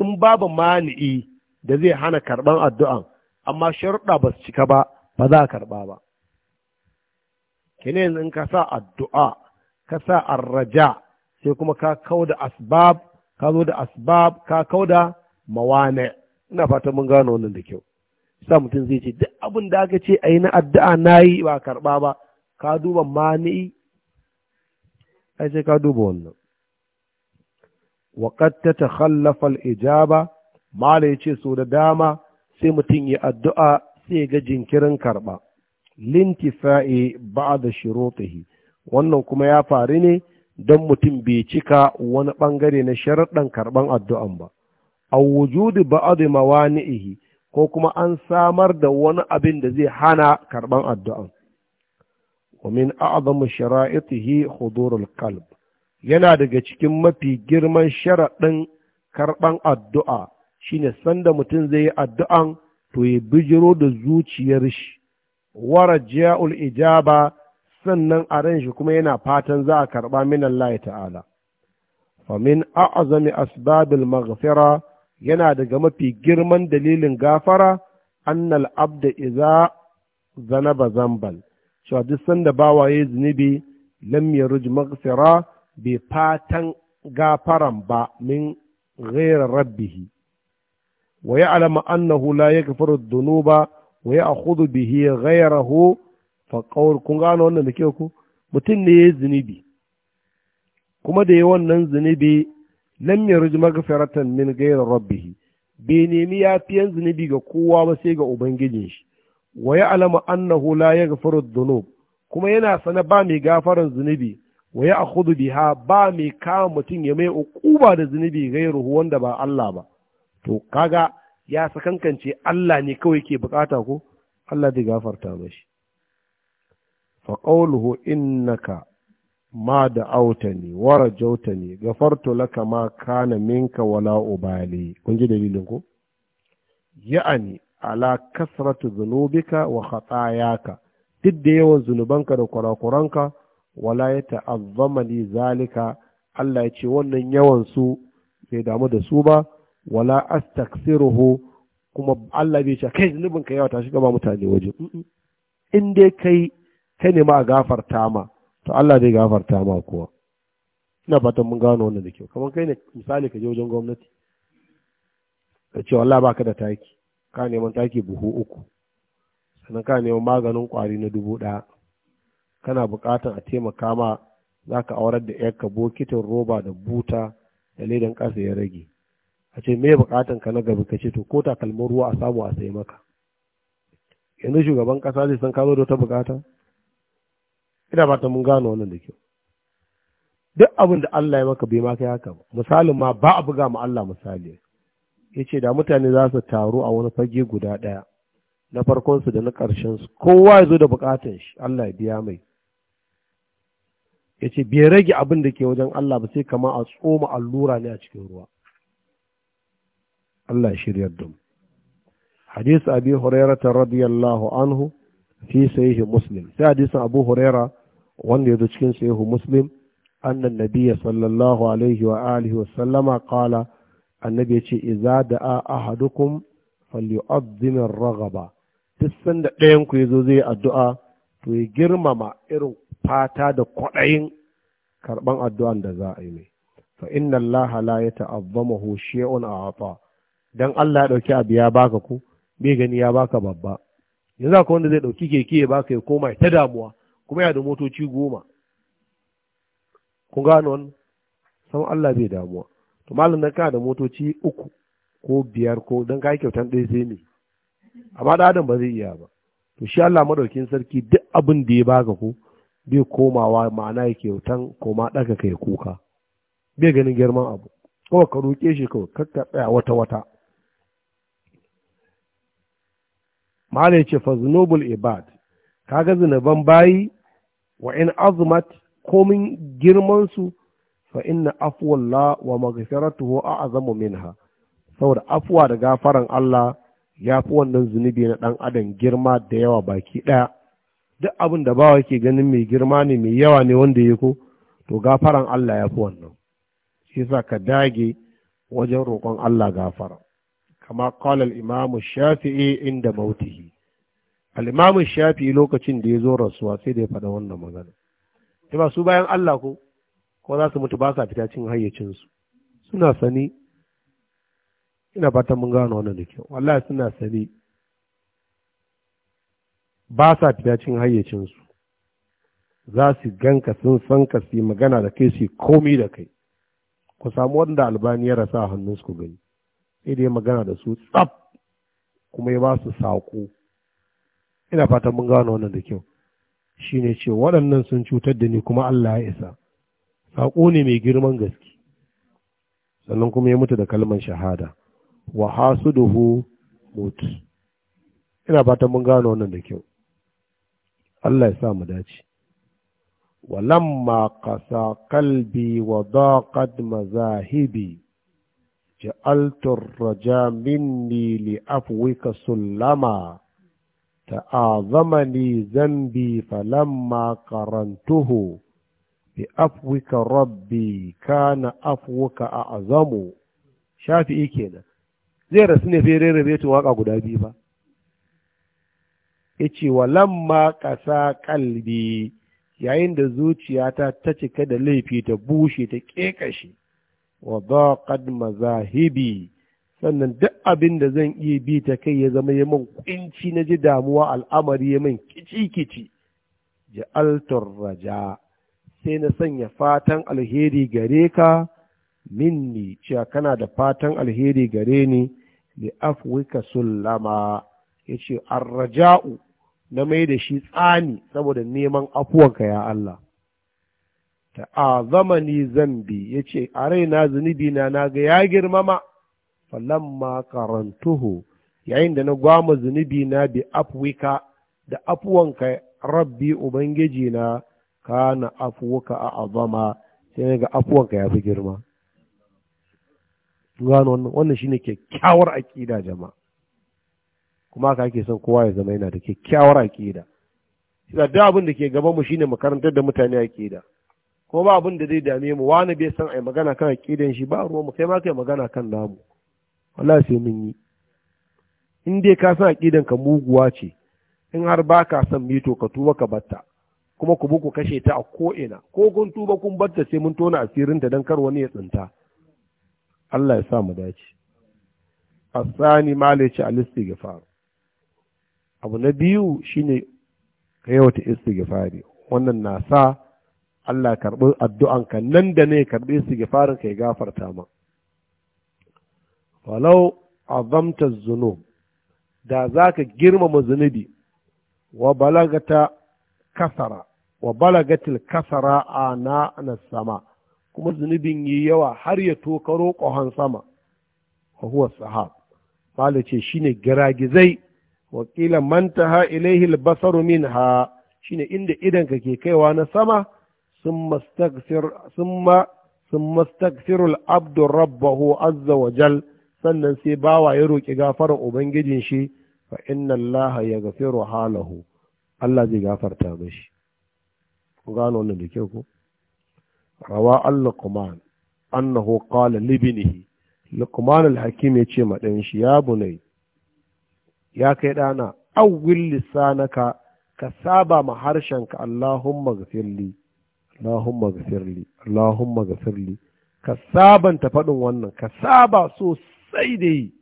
A: in babu mani'i da zai hana karɓan addu'an amma sharuɗa ba su cika ba ba za a karɓa ba Kine yanzu in ka sa addu'a ka sa arraja sai kuma ka kau da asbab ka zo da asbab ka kau da mawane ina fatan mun gano wannan da kyau sa mutum zai ce duk abin da aka ce a yi na addu'a na yi ba karɓa ba ka duba mani'i ai sai ka duba wannan waƙad ta takhallafa al-ijaba mala yace so da dama sai mutum ya addu'a sai ga jinkirin karɓa lintifa'i ba'da shurutihi wannan kuma ya faru ne don mutum bai cika wani ɓangare na sharaɗin karɓan addu'an ba, a wujudi ba'adu mawani'ihi ko kuma an samar da wani abin da zai hana karɓan addu'an. Wamin a'zamu shara'itihi hudurul kalb yana daga cikin mafi girman sharaɗin karɓan addu'a shine sanda mutum zai yi addu'an to ya bijiro da zuciyar shi, wara ijaba sannan a ran shi kuma yana fatan za a karɓa min Allah ta'ala famin a'azami asbabil maghfira yana daga mafi girman dalilin gafara annal abda iza zanaba zambal cewa duk sanda yi zunubi lam yaruj maghfira bai fatan gafaran ba min ghairar rabbihi wa ya'lamu annahu la yaghfiru dhunuba wa ya'khudhu bihi ghayrahu faƙawar kun gano wannan da kyau ku mutum ne ya zunubi kuma da ya wannan zunubi lam yarji magfiratan min ghayri rabbih bai nemi yafiyan zunubi ga kowa ba sai ga ubangijin shi wa ya'lamu annahu la yaghfiru dhunub kuma yana sana ba mai gafaran zunubi wa ya'khudhu biha ba mai kama mutum ya mai ukuba da zunubi ghayruhu wanda ba Allah ba to kaga ya sakankance Allah ne kawai ke bukata ko Allah zai gafarta mashi fa qawluhu innaka ma da autani wa rajautani gafartu laka ma kana minka wala ubali kun ji dalilin ko ya'ani ala kasratu zunubika wa ka, duk da yawan zunubanka da ka, wala ya ta'azzama li zalika Allah ya ce wannan yawan su bai damu da su ba wala astaksiruhu kuma Allah bai ce kai zunubin ka yawa ta shiga ba mutane waje in dai kai kai ne ma a gafarta ma to Allah zai gafarta ma kuwa ina fatan mun gano wannan da kyau kamar kai ne misali ka je wajen gwamnati ka ce ba baka da taki ka neman taki buhu uku sannan ka neman maganin kwari na dubu ɗaya kana buƙatar a taimaka ma za ka aurar da ka bokitin roba da buta da ledan ƙasa ya rage a ce me buƙatan ka na gaba ka ce to ko takalmin ruwa a samu a sai maka yanzu shugaban ƙasa zai san ka zo da wata buƙata ina ba ta mun gano wannan da kyau duk abin da Allah ya maka bai maka haka ba misalin ma ba a buga ma Allah misali ya ce da mutane za su taru a wani fage guda ɗaya na farkon su da na su, kowa ya zo da buƙatar shi Allah ya biya mai ya ce bai rage abin da ke wajen Allah ba sai kama a tsoma allura ne a cikin ruwa Allah ya shiryar da mu hadisi abi hurairata radiyallahu anhu fi sahihi muslim sai hadisin abu huraira wanda ya zo cikin sahihi muslim annan nabiyya sallallahu alaihi wa alihi wa sallama qala annabi ya ce idza da'a ahadukum falyu'azzim ar-raghaba duk sanda ɗayan ku yazo zai addu'a to ya girmama irin fata da kwaɗayin karban addu'an da za a yi mai fa inna Allah la yata'azzamuhu shay'un a'ata dan Allah ya dauki abu ya baka ku bai gani ya baka babba yanzu akwai wanda zai ɗauki keke ya baka ya koma ta damuwa kuma yana da motoci goma kun gano wannan Allah bai damuwa to malam dan kana da motoci uku ko biyar ko dan yi kyautan ɗaya sai ne amma da adam ba zai iya ba to shi Allah madaukin sarki duk abin da ya baka ko bai komawa ma'ana ya kyautan koma ɗaga kai kuka bai ganin girman abu kawai ka roƙe shi kawai kakka tsaya wata wata malai ce fa zunubul ibad kaga zunuban bayi wa in azmat komin girman su fa inna afwallah wa maghfiratuhu a'zamu minha saboda afwa da gafaran Allah ya fi wannan zunubi na ɗan adam girma da yawa baki ɗaya duk abin da bawa ke ganin mai girma ne mai yawa ne wanda ya ko to gafaran Allah ya fi wannan shi sa ka dage wajen roƙon Allah gafara kama qala al-imam shafi'i inda mautihi al-imam shafi'i lokacin da ya zo rasuwa sai da ya faɗa wannan magana sai ba su bayan Allah ko ko za su mutu ba sa fita cin hayyacin su suna sani ina fatan mun gano wannan da kyau wallahi suna sani ba sa fita cin hayyacin su za su ganka sun san ka su magana da kai su komai da kai ku samu wanda albani ya rasa hannun su gani sai da ya magana da su tsaf kuma ya ba su saƙo ina fatan mun gano wannan da kyau shine ce waɗannan sun cutar da ni kuma Allah ya isa saƙo ne mai girman gaske sannan kuma ya mutu da kalmar shahada wa hasuduhu mut ina fatan mun gano wannan da kyau Allah ya sa mu dace walamma kasa kalbi wa daqat mazahibi ja'altur raja minni li afwika sullama ta'azamani zambi falamma karantuhu bi afwika rabbi kana afwuka a'zamu shafi'i kenan zai rasu ne fere rabe to waka guda biyu ba yace walamma ƙasa kalbi yayin da zuciyata ta cika da laifi ta bushe ta kekashe wa daqad mazahibi sannan duk abin da zan iya bi ta kai ya zama yamin kunci na ji damuwa al'amari yamin kici-kici ja'altur raja sai na sanya fatan alheri gare ka minni cewa kana da fatan alheri gare ni li afwika sullama yace Raja'u na mai da shi tsani saboda neman afuwanka ya Allah ta'azamani zambi yace a raina zunubi na na naga ya girmama falamma karantuhu yayin da na gwama zunubi na bi afwika da afuwanka rabbi ubangiji na kana afuwuka a azama sai ga afuwanka ya fi girma gano wannan wannan shine kyakkyawar aqida jama'a kuma ka ake son kowa ya zama yana da kyakkyawar aƙida. sai da abin da ke gaban mu shine makarantar da mutane aqida ko ba abin da zai dame mu wani bai san ai magana kan aqidan shi ba ruwa mu kai ma kai magana kan namu wallahi sai mun yi in dai ka san aqidan ka muguwa ce in har ba ka san mito ka tuba ka batta kuma ku bu ku kashe ta a ko ina ko kun tuba kun batta sai mun tona asirin ta dan kar wani ya tsinta Allah ya sa mu dace asani malici al-istighfar abu na biyu shine ka istighfari wannan na sa Allah karɓi addu'anka nan da ne karɓi su gifarin ka ya gafarta ma walau azamta zunub da za ka girmama zunubi wa balagata kasara wa balagatil kasara a na sama kuma zunubin yi yawa har ya tokaro ƙohon sama wa huwa sahab Bala ce shine giragizai wakilan mantaha min ha, minha shine inda ka ke kaiwa na sama summa astaghfir summa summa astaghfirul abdu rabbahu azza sannan sai bawa ya roƙi gafarar ubangijin shi fa inna Allah allaha yaghfiru halahu Allah zai gafarta mashi ku gano wannan da kyau ko rawa al-luqman annahu qala li ibnihi luqman al-hakim yace ma dan shi ya bunai ya kai dana awwil lisanaka ka saba ma harshenka Allahumma ghfirli Allahumma gafirli Allahumma gafirli ka sabanta faɗin wannan ka saba sosai da yi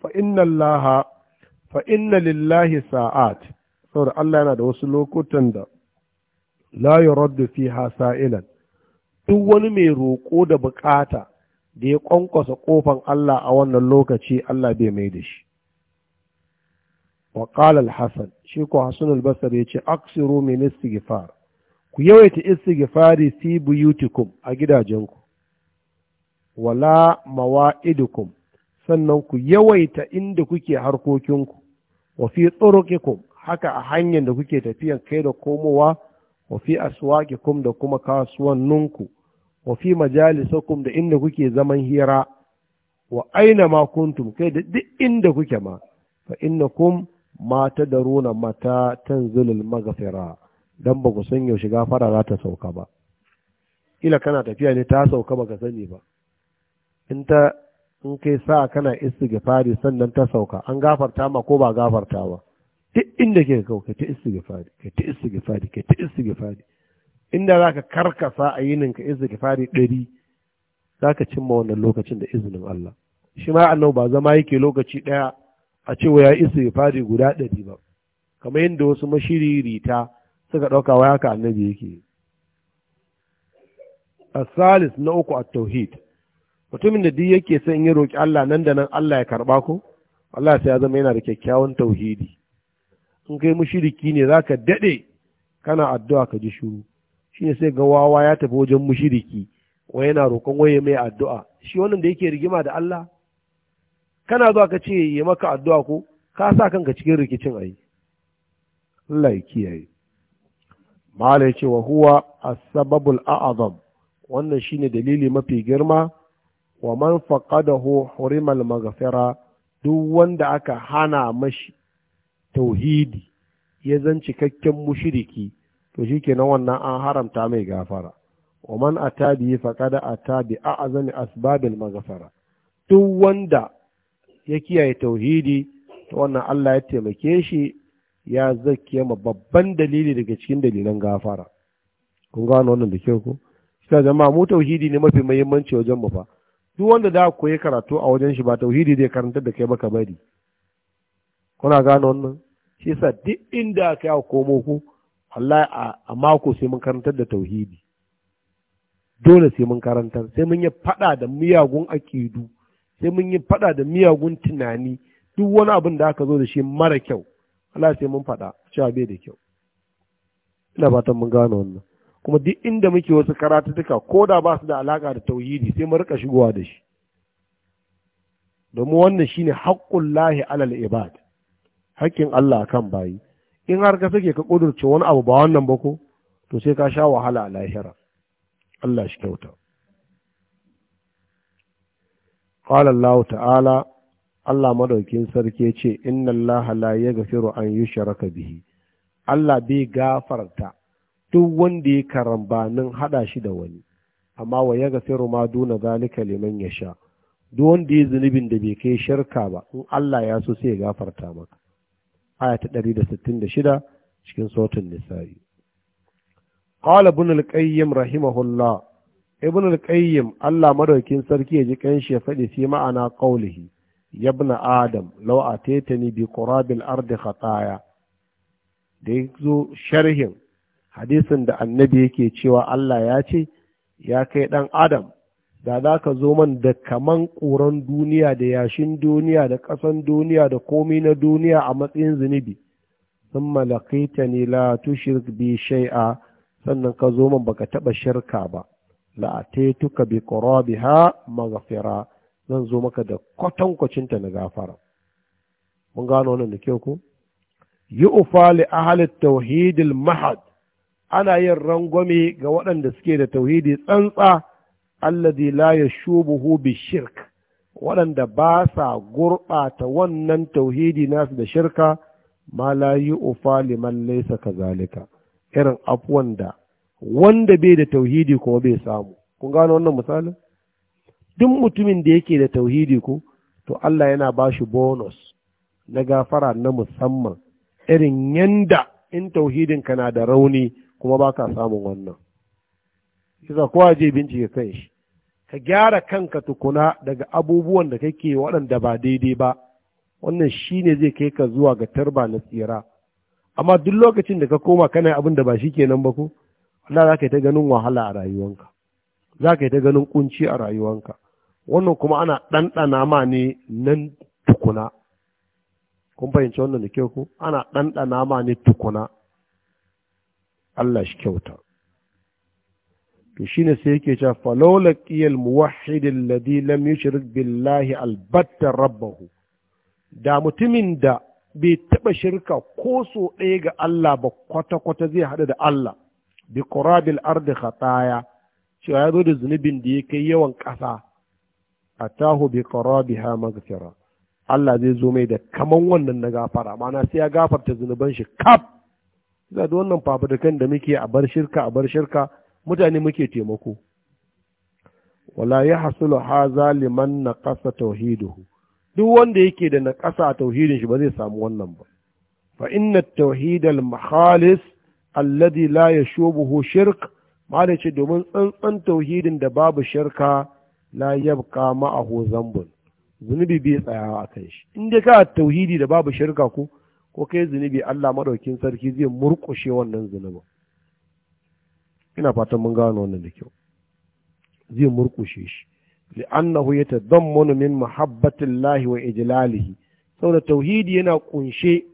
A: fa inna fa inna lillahi sa'at saboda Allah yana da wasu lokutan da la fi fiha sa'ilan duk wani mai roƙo da buƙata da ya ƙwanƙwasa ƙofan Allah a wannan lokaci Allah bai mai da shi. Wa ƙalal hassan shi ko Hassan al-Basar ya ce, Aksiru min istighfar ku yawaita istighfari fi buyutikum a gidajenku wala mawa'idukum sannan ku yawaita inda kuke harkokinku wa fi tsurukikum haka a hanyar da kuke tafiyan kai da komowa wa fi aswaqikum da kuma kasuwanninku wa fi majalisakum da inda kuke zaman hira wa aina ma kuntum kai da duk inda kuke ma fa innakum ma tadaruna mata tanzilul maghfira don ba ku san yaushe gafara za ta sauka ba ila kana tafiya ne ta sauka ba ka sani ba in ta in kai sa kana istighfari sannan ta sauka an gafarta ma ko ba gafarta ba duk inda ke kawo ka ta istighfari ka ta istighfari ka ta istighfari inda za ka karkasa a yinin ka istighfari ɗari za ka cimma wannan lokacin da izinin Allah shi ma annabi ba zama yake lokaci ɗaya a cewa ya istighfari guda ɗari ba kamar yadda wasu mashiri rita suka ɗauka wa haka annabi yake asalis na uku a tauhid mutumin da duk yake son yi roƙi Allah nan da nan Allah ya karɓa ko Allah sai ya zama yana da kyakkyawan tauhidi in kai mushiriki ne zaka daɗe kana addu'a ka ji shiru shine sai ga wawa ya tafi wajen mushiriki wai yana roƙon waye mai addu'a shi wannan da yake rigima da Allah kana zuwa ka ce yi maka addu'a ko ka sa kanka cikin rikicin ayi Allah ya kiyaye mala ce wa huwa a sababul a'zam wannan shine dalili mafi girma wa man faqadahu hurimal maghfira duk wanda aka hana mashi tauhidi ya zan cikakken mushiriki to shikenan wannan an haramta mai gafara wa man atabi faqad atabi a'zami asbabil maghfira duk wanda ya kiyaye tauhidi to wannan Allah ya taimake shi ya zakiya ma babban dalili daga cikin dalilan gafara kun gano wannan da kyau ko sai jama'a mu tauhidi ne mafi muhimmanci wajen mu fa duk wanda da koyi karatu a wajen shi ba tauhidi zai karanta da kai baka bari kuna gano wannan shi yasa duk inda aka a komo ku wallahi a mako sai mun karantar da tauhidi dole sai mun karantar sai mun yi fada da miyagun akidu sai mun yi fada da miyagun tunani duk wani abin da aka zo da shi mara kyau Allah sai mun faɗa cewa bai da kyau ina fatan mun gane wannan kuma duk inda muke wasu karatutuka ko da ba su da alaƙa da tauhidi sai mu rika shigowa da shi domin wannan shine haƙƙun lahi alal ibad haƙƙin Allah kan bayi in har ka sake ka ƙudurce wani abu ba wannan ba ko to sai ka sha wahala a lahira Allah shi kyauta قال الله تعالى Allah madaukin sarki ya ce inna Allah la yaghfiru an yushraka bihi Allah bai gafarta duk wanda ya karambanin haɗa shi da wani amma wa yaghfiru ma duna zalika liman yasha duk wanda ya zunubin da bai kai shirka ba in Allah ya so sai ya gafarta maka aya ta 166 cikin sautin nisa'i qala ibn al-qayyim rahimahullah ibn al-qayyim Allah madaukin sarki ya ji shi ya faɗi sai ma'ana qaulihi yabna adam law atetani bi qurabil ardi khataya da yazo sharhin hadisin da annabi yake cewa Allah ya ce ya kai dan adam da za ka zo man da kaman ƙoran duniya da yashin duniya da ƙasan duniya da komi na duniya a matsayin zunubi sun malakaita ne la tushirk bi shai'a sannan ka zo man baka taɓa shirka ba la'atetuka bi ha magafira zan zo maka da kwatankwacinta na gafara mun gano wannan da kyau ko yi ufa li ahalit tauhidil mahad ana yin rangwame ga waɗanda suke da tauhidi tsantsa alladhi la shubuhu bi shirk waɗanda ba sa gurɓata wannan tauhidi nasu da shirka ma la yi yu'fa liman laysa kazalika irin afwan da wanda bai da tauhidi kuma bai samu kun gano wannan misalin duk mutumin da yake da tauhidi ko to Allah yana ba shi bonus na gafara na musamman irin yanda in tauhidin ka na da rauni kuma ba ka samun wannan kisa kowa je bincike kai shi ka gyara kanka tukuna daga abubuwan da kake waɗanda ba daidai ba wannan shine zai kai ka zuwa ga tarba na tsira amma duk lokacin da ka koma kana abin da ba shi kenan ba ko Allah za ka yi ta ganin wahala a rayuwanka za ka yi ta ganin kunci a rayuwanka wannan kuma ana ɗanɗana ma ne nan tukuna kun fahimci wannan da kyau ku ana ɗanɗana ma ne tukuna Allah shi kyauta to shine sai yake cewa falola qiyal muwahhid alladhi lam yushrik billahi albatta rabbahu da mutumin da bai taɓa shirka ko so ɗaya ga Allah ba kwata kwata zai haɗu da Allah bi qurabil ardi khataya cewa ya zo da zunubin da ya kai yawan ƙasa atahu bi qarabiha maghfira Allah zai zo mai da kaman wannan na gafara mana sai ya gafarta zunuban shi kaf da wannan fafutukan da muke a bar shirka a bar shirka mutane muke taimako wala yahsulu haza liman naqasa tauhiduhu duk wanda yake da naqasa a tauhidin shi ba zai samu wannan ba fa inna at-tauhid al-khalis alladhi la yashubuhu shirk ma domin tsantsan tauhidin da babu shirka la yabqa ma'ahu zambun zunubi bai tsayawa a kan shi in dai ka tauhidi da babu shirka ko ko kai zunubi Allah madaukin sarki zai murƙushe wannan zunubin ina fatan mun gano wannan da kyau zai murƙushe shi li'annahu yatadammanu min muhabbatillahi wa ijlalihi saboda tauhidi yana kunshe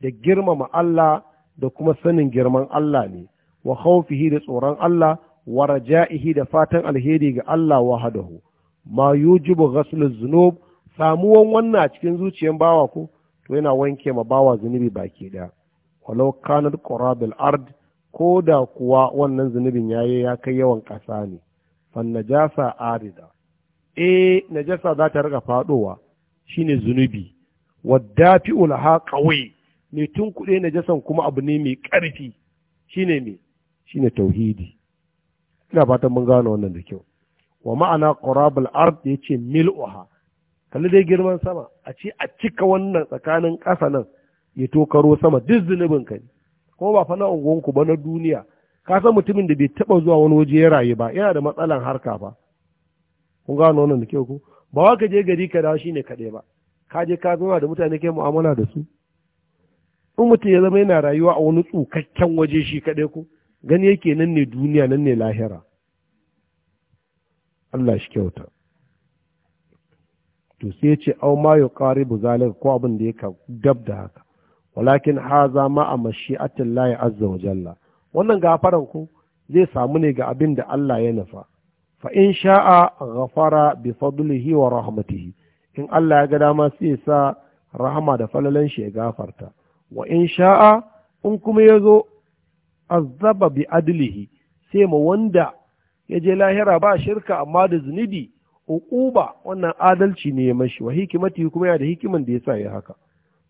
A: da girmama Allah da kuma sanin girman Allah ne wa khawfihi da tsoron Allah wa raja'ihi da fatan alheri ga Allah wahadahu ma yujibu ghaslu zunub samuwan wannan a cikin zuciyar bawa ko to yana wanke ma bawa zunubi baki daya walau kanat qurabil ard ko da kuwa wannan zunubin yayi ya kai yawan ƙasa ne fan najasa arida eh najasa za ta rika fadowa shine zunubi waddafi'ul ha ne tun kuɗe najasan kuma abu ne mai ƙarfi shine me shine tauhidi ina fatan mun gano wannan da kyau wa ma'ana qurabul ard yace mil'uha kalli dai girman sama a ce a cika wannan tsakanin ƙasa nan ya tokaro sama duk zunubin ka ne ko ba fa na unguwanku ba na duniya ka san mutumin da bai taba zuwa wani waje ya rayu ba yana da matsalan harka ba kun gano wannan da kyau ko ba wa ka je gari ka dawo shine kaɗai ba ka je ka zauna da mutane kai mu'amala da su in mutum ya zama yana rayuwa a wani tsukakken waje shi kaɗai ko gani yake nan ne duniya nan ne lahira Allah shi kyauta to sai ya ce au ma ya ƙari zalika ko abin da ya dab da haka walakin haza ma a mashi'atin lahi azza wa jalla wannan gafaran ku zai samu ne ga abin da Allah ya nufa fa in sha'a ghafara bi fadlihi wa rahmatihi in Allah ya ga dama sai ya sa rahama da falalan shi ya gafarta wa in sha'a in kuma ya zo azzaba bi adlihi sai ma wanda ya je lahira ba shirka amma da zunubi uquba wannan adalci ne ya mashi wa hikimati kuma ya da hikiman da yasa ya haka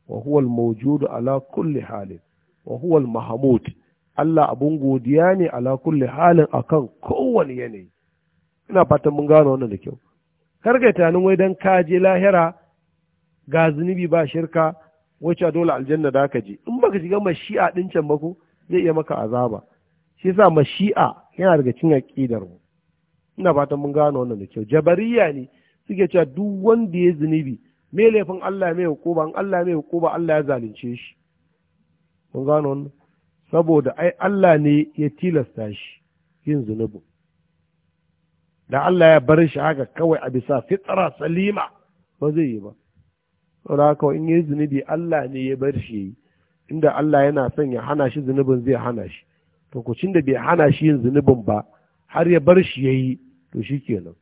A: wa huwa al-mawjud ala kulli halin wa huwa al-mahmud Allah abun godiya ne ala kulli halin akan kowane yanayi ina fatan mun gano wannan da kyau kar ga tunanin wai dan ka je lahira ga zunubi ba shirka wacce dole aljanna da ka je in baka shiga mashi'a din can ba ko zai iya maka azaba shi yasa mashi'a yana daga cikin aqidar mu ina fatan mun gano wannan da kyau jabariya ne suke cewa duk wanda ya zunubi me laifin Allah mai hukuma Allah mai hukuma Allah ya zalunce shi mun gano wannan saboda ai Allah ne ya tilasta shi yin zunubi da Allah ya bar shi haka kawai a bisa fitra salima ba zai yi ba saboda haka in yi zunubi Allah ne ya bar shi yi inda Allah yana son ya hana shi zunubin zai hana shi to ku da bai hana shi yin zunubin ba har ya bar shi yayi to shi kenan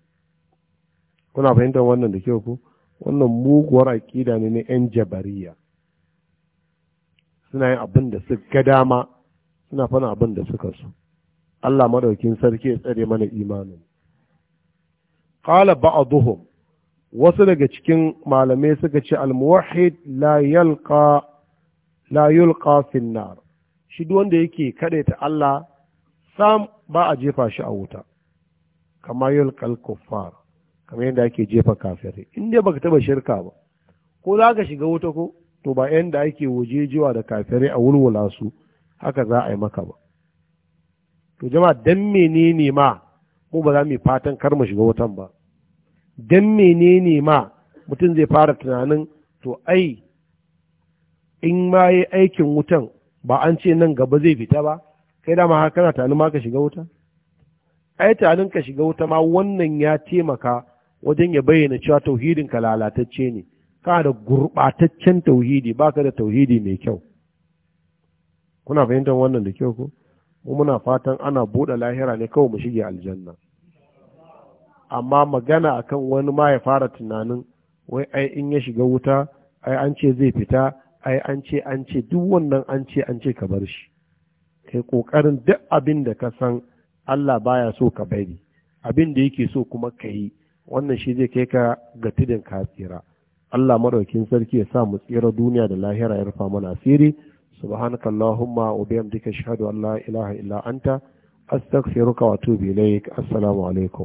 A: kuna fahimtar wannan da kyau ku wannan muguwar aƙida ne na 'yan jabariya suna yin abin da su ga dama suna fana abin da suka so Allah madaukin sarki ya tsare mana imanin qala ba'dhum wasu daga cikin malamai suka ce al-muwahhid la yalqa la yulqa fin nar shi duk wanda yake ta Allah sam ba a jefa shi a wuta kama yulqal kuffar kamar yadda ake jefa kafirai in dai baka taba shirka ba ko za ka shiga wuta ko to ba yadda ake wajejewa da kafirai a wulwula su haka za a yi maka ba to jama'a dan menene ma mu ba za mu fatan kar mu shiga wutan ba dan menene ma mutum zai fara tunanin to ai in ma yi aikin wutan ba an ce nan gaba zai fita ba kai dama haka kana tani ma ka shiga wuta ai tanin ka shiga wuta ma wannan ya taimaka wajen ya bayyana cewa tauhidin ka lalatacce ne ka da gurbataccen tauhidi baka da tauhidi mai kyau kuna fahimtar wannan da kyau ko mu muna fatan ana buɗe lahira ne kawai mu shige aljanna amma magana akan wani ma ya fara tunanin wai ai in ya shiga wuta ai an ce zai fita ai an ce an ce duk wannan an ce an ce ka bar shi kai kokarin duk abin da ka san Allah baya so ka bari abin da yake so kuma ka yi wannan shi zai kai ka ga tudun ka tsira Allah madaukin sarki ya sa mu tsira duniya da lahira ya rufa mana asiri subhanaka allahumma wa bihamdika ashhadu an la ilaha illa anta astaghfiruka wa atubu ilaik assalamu alaikum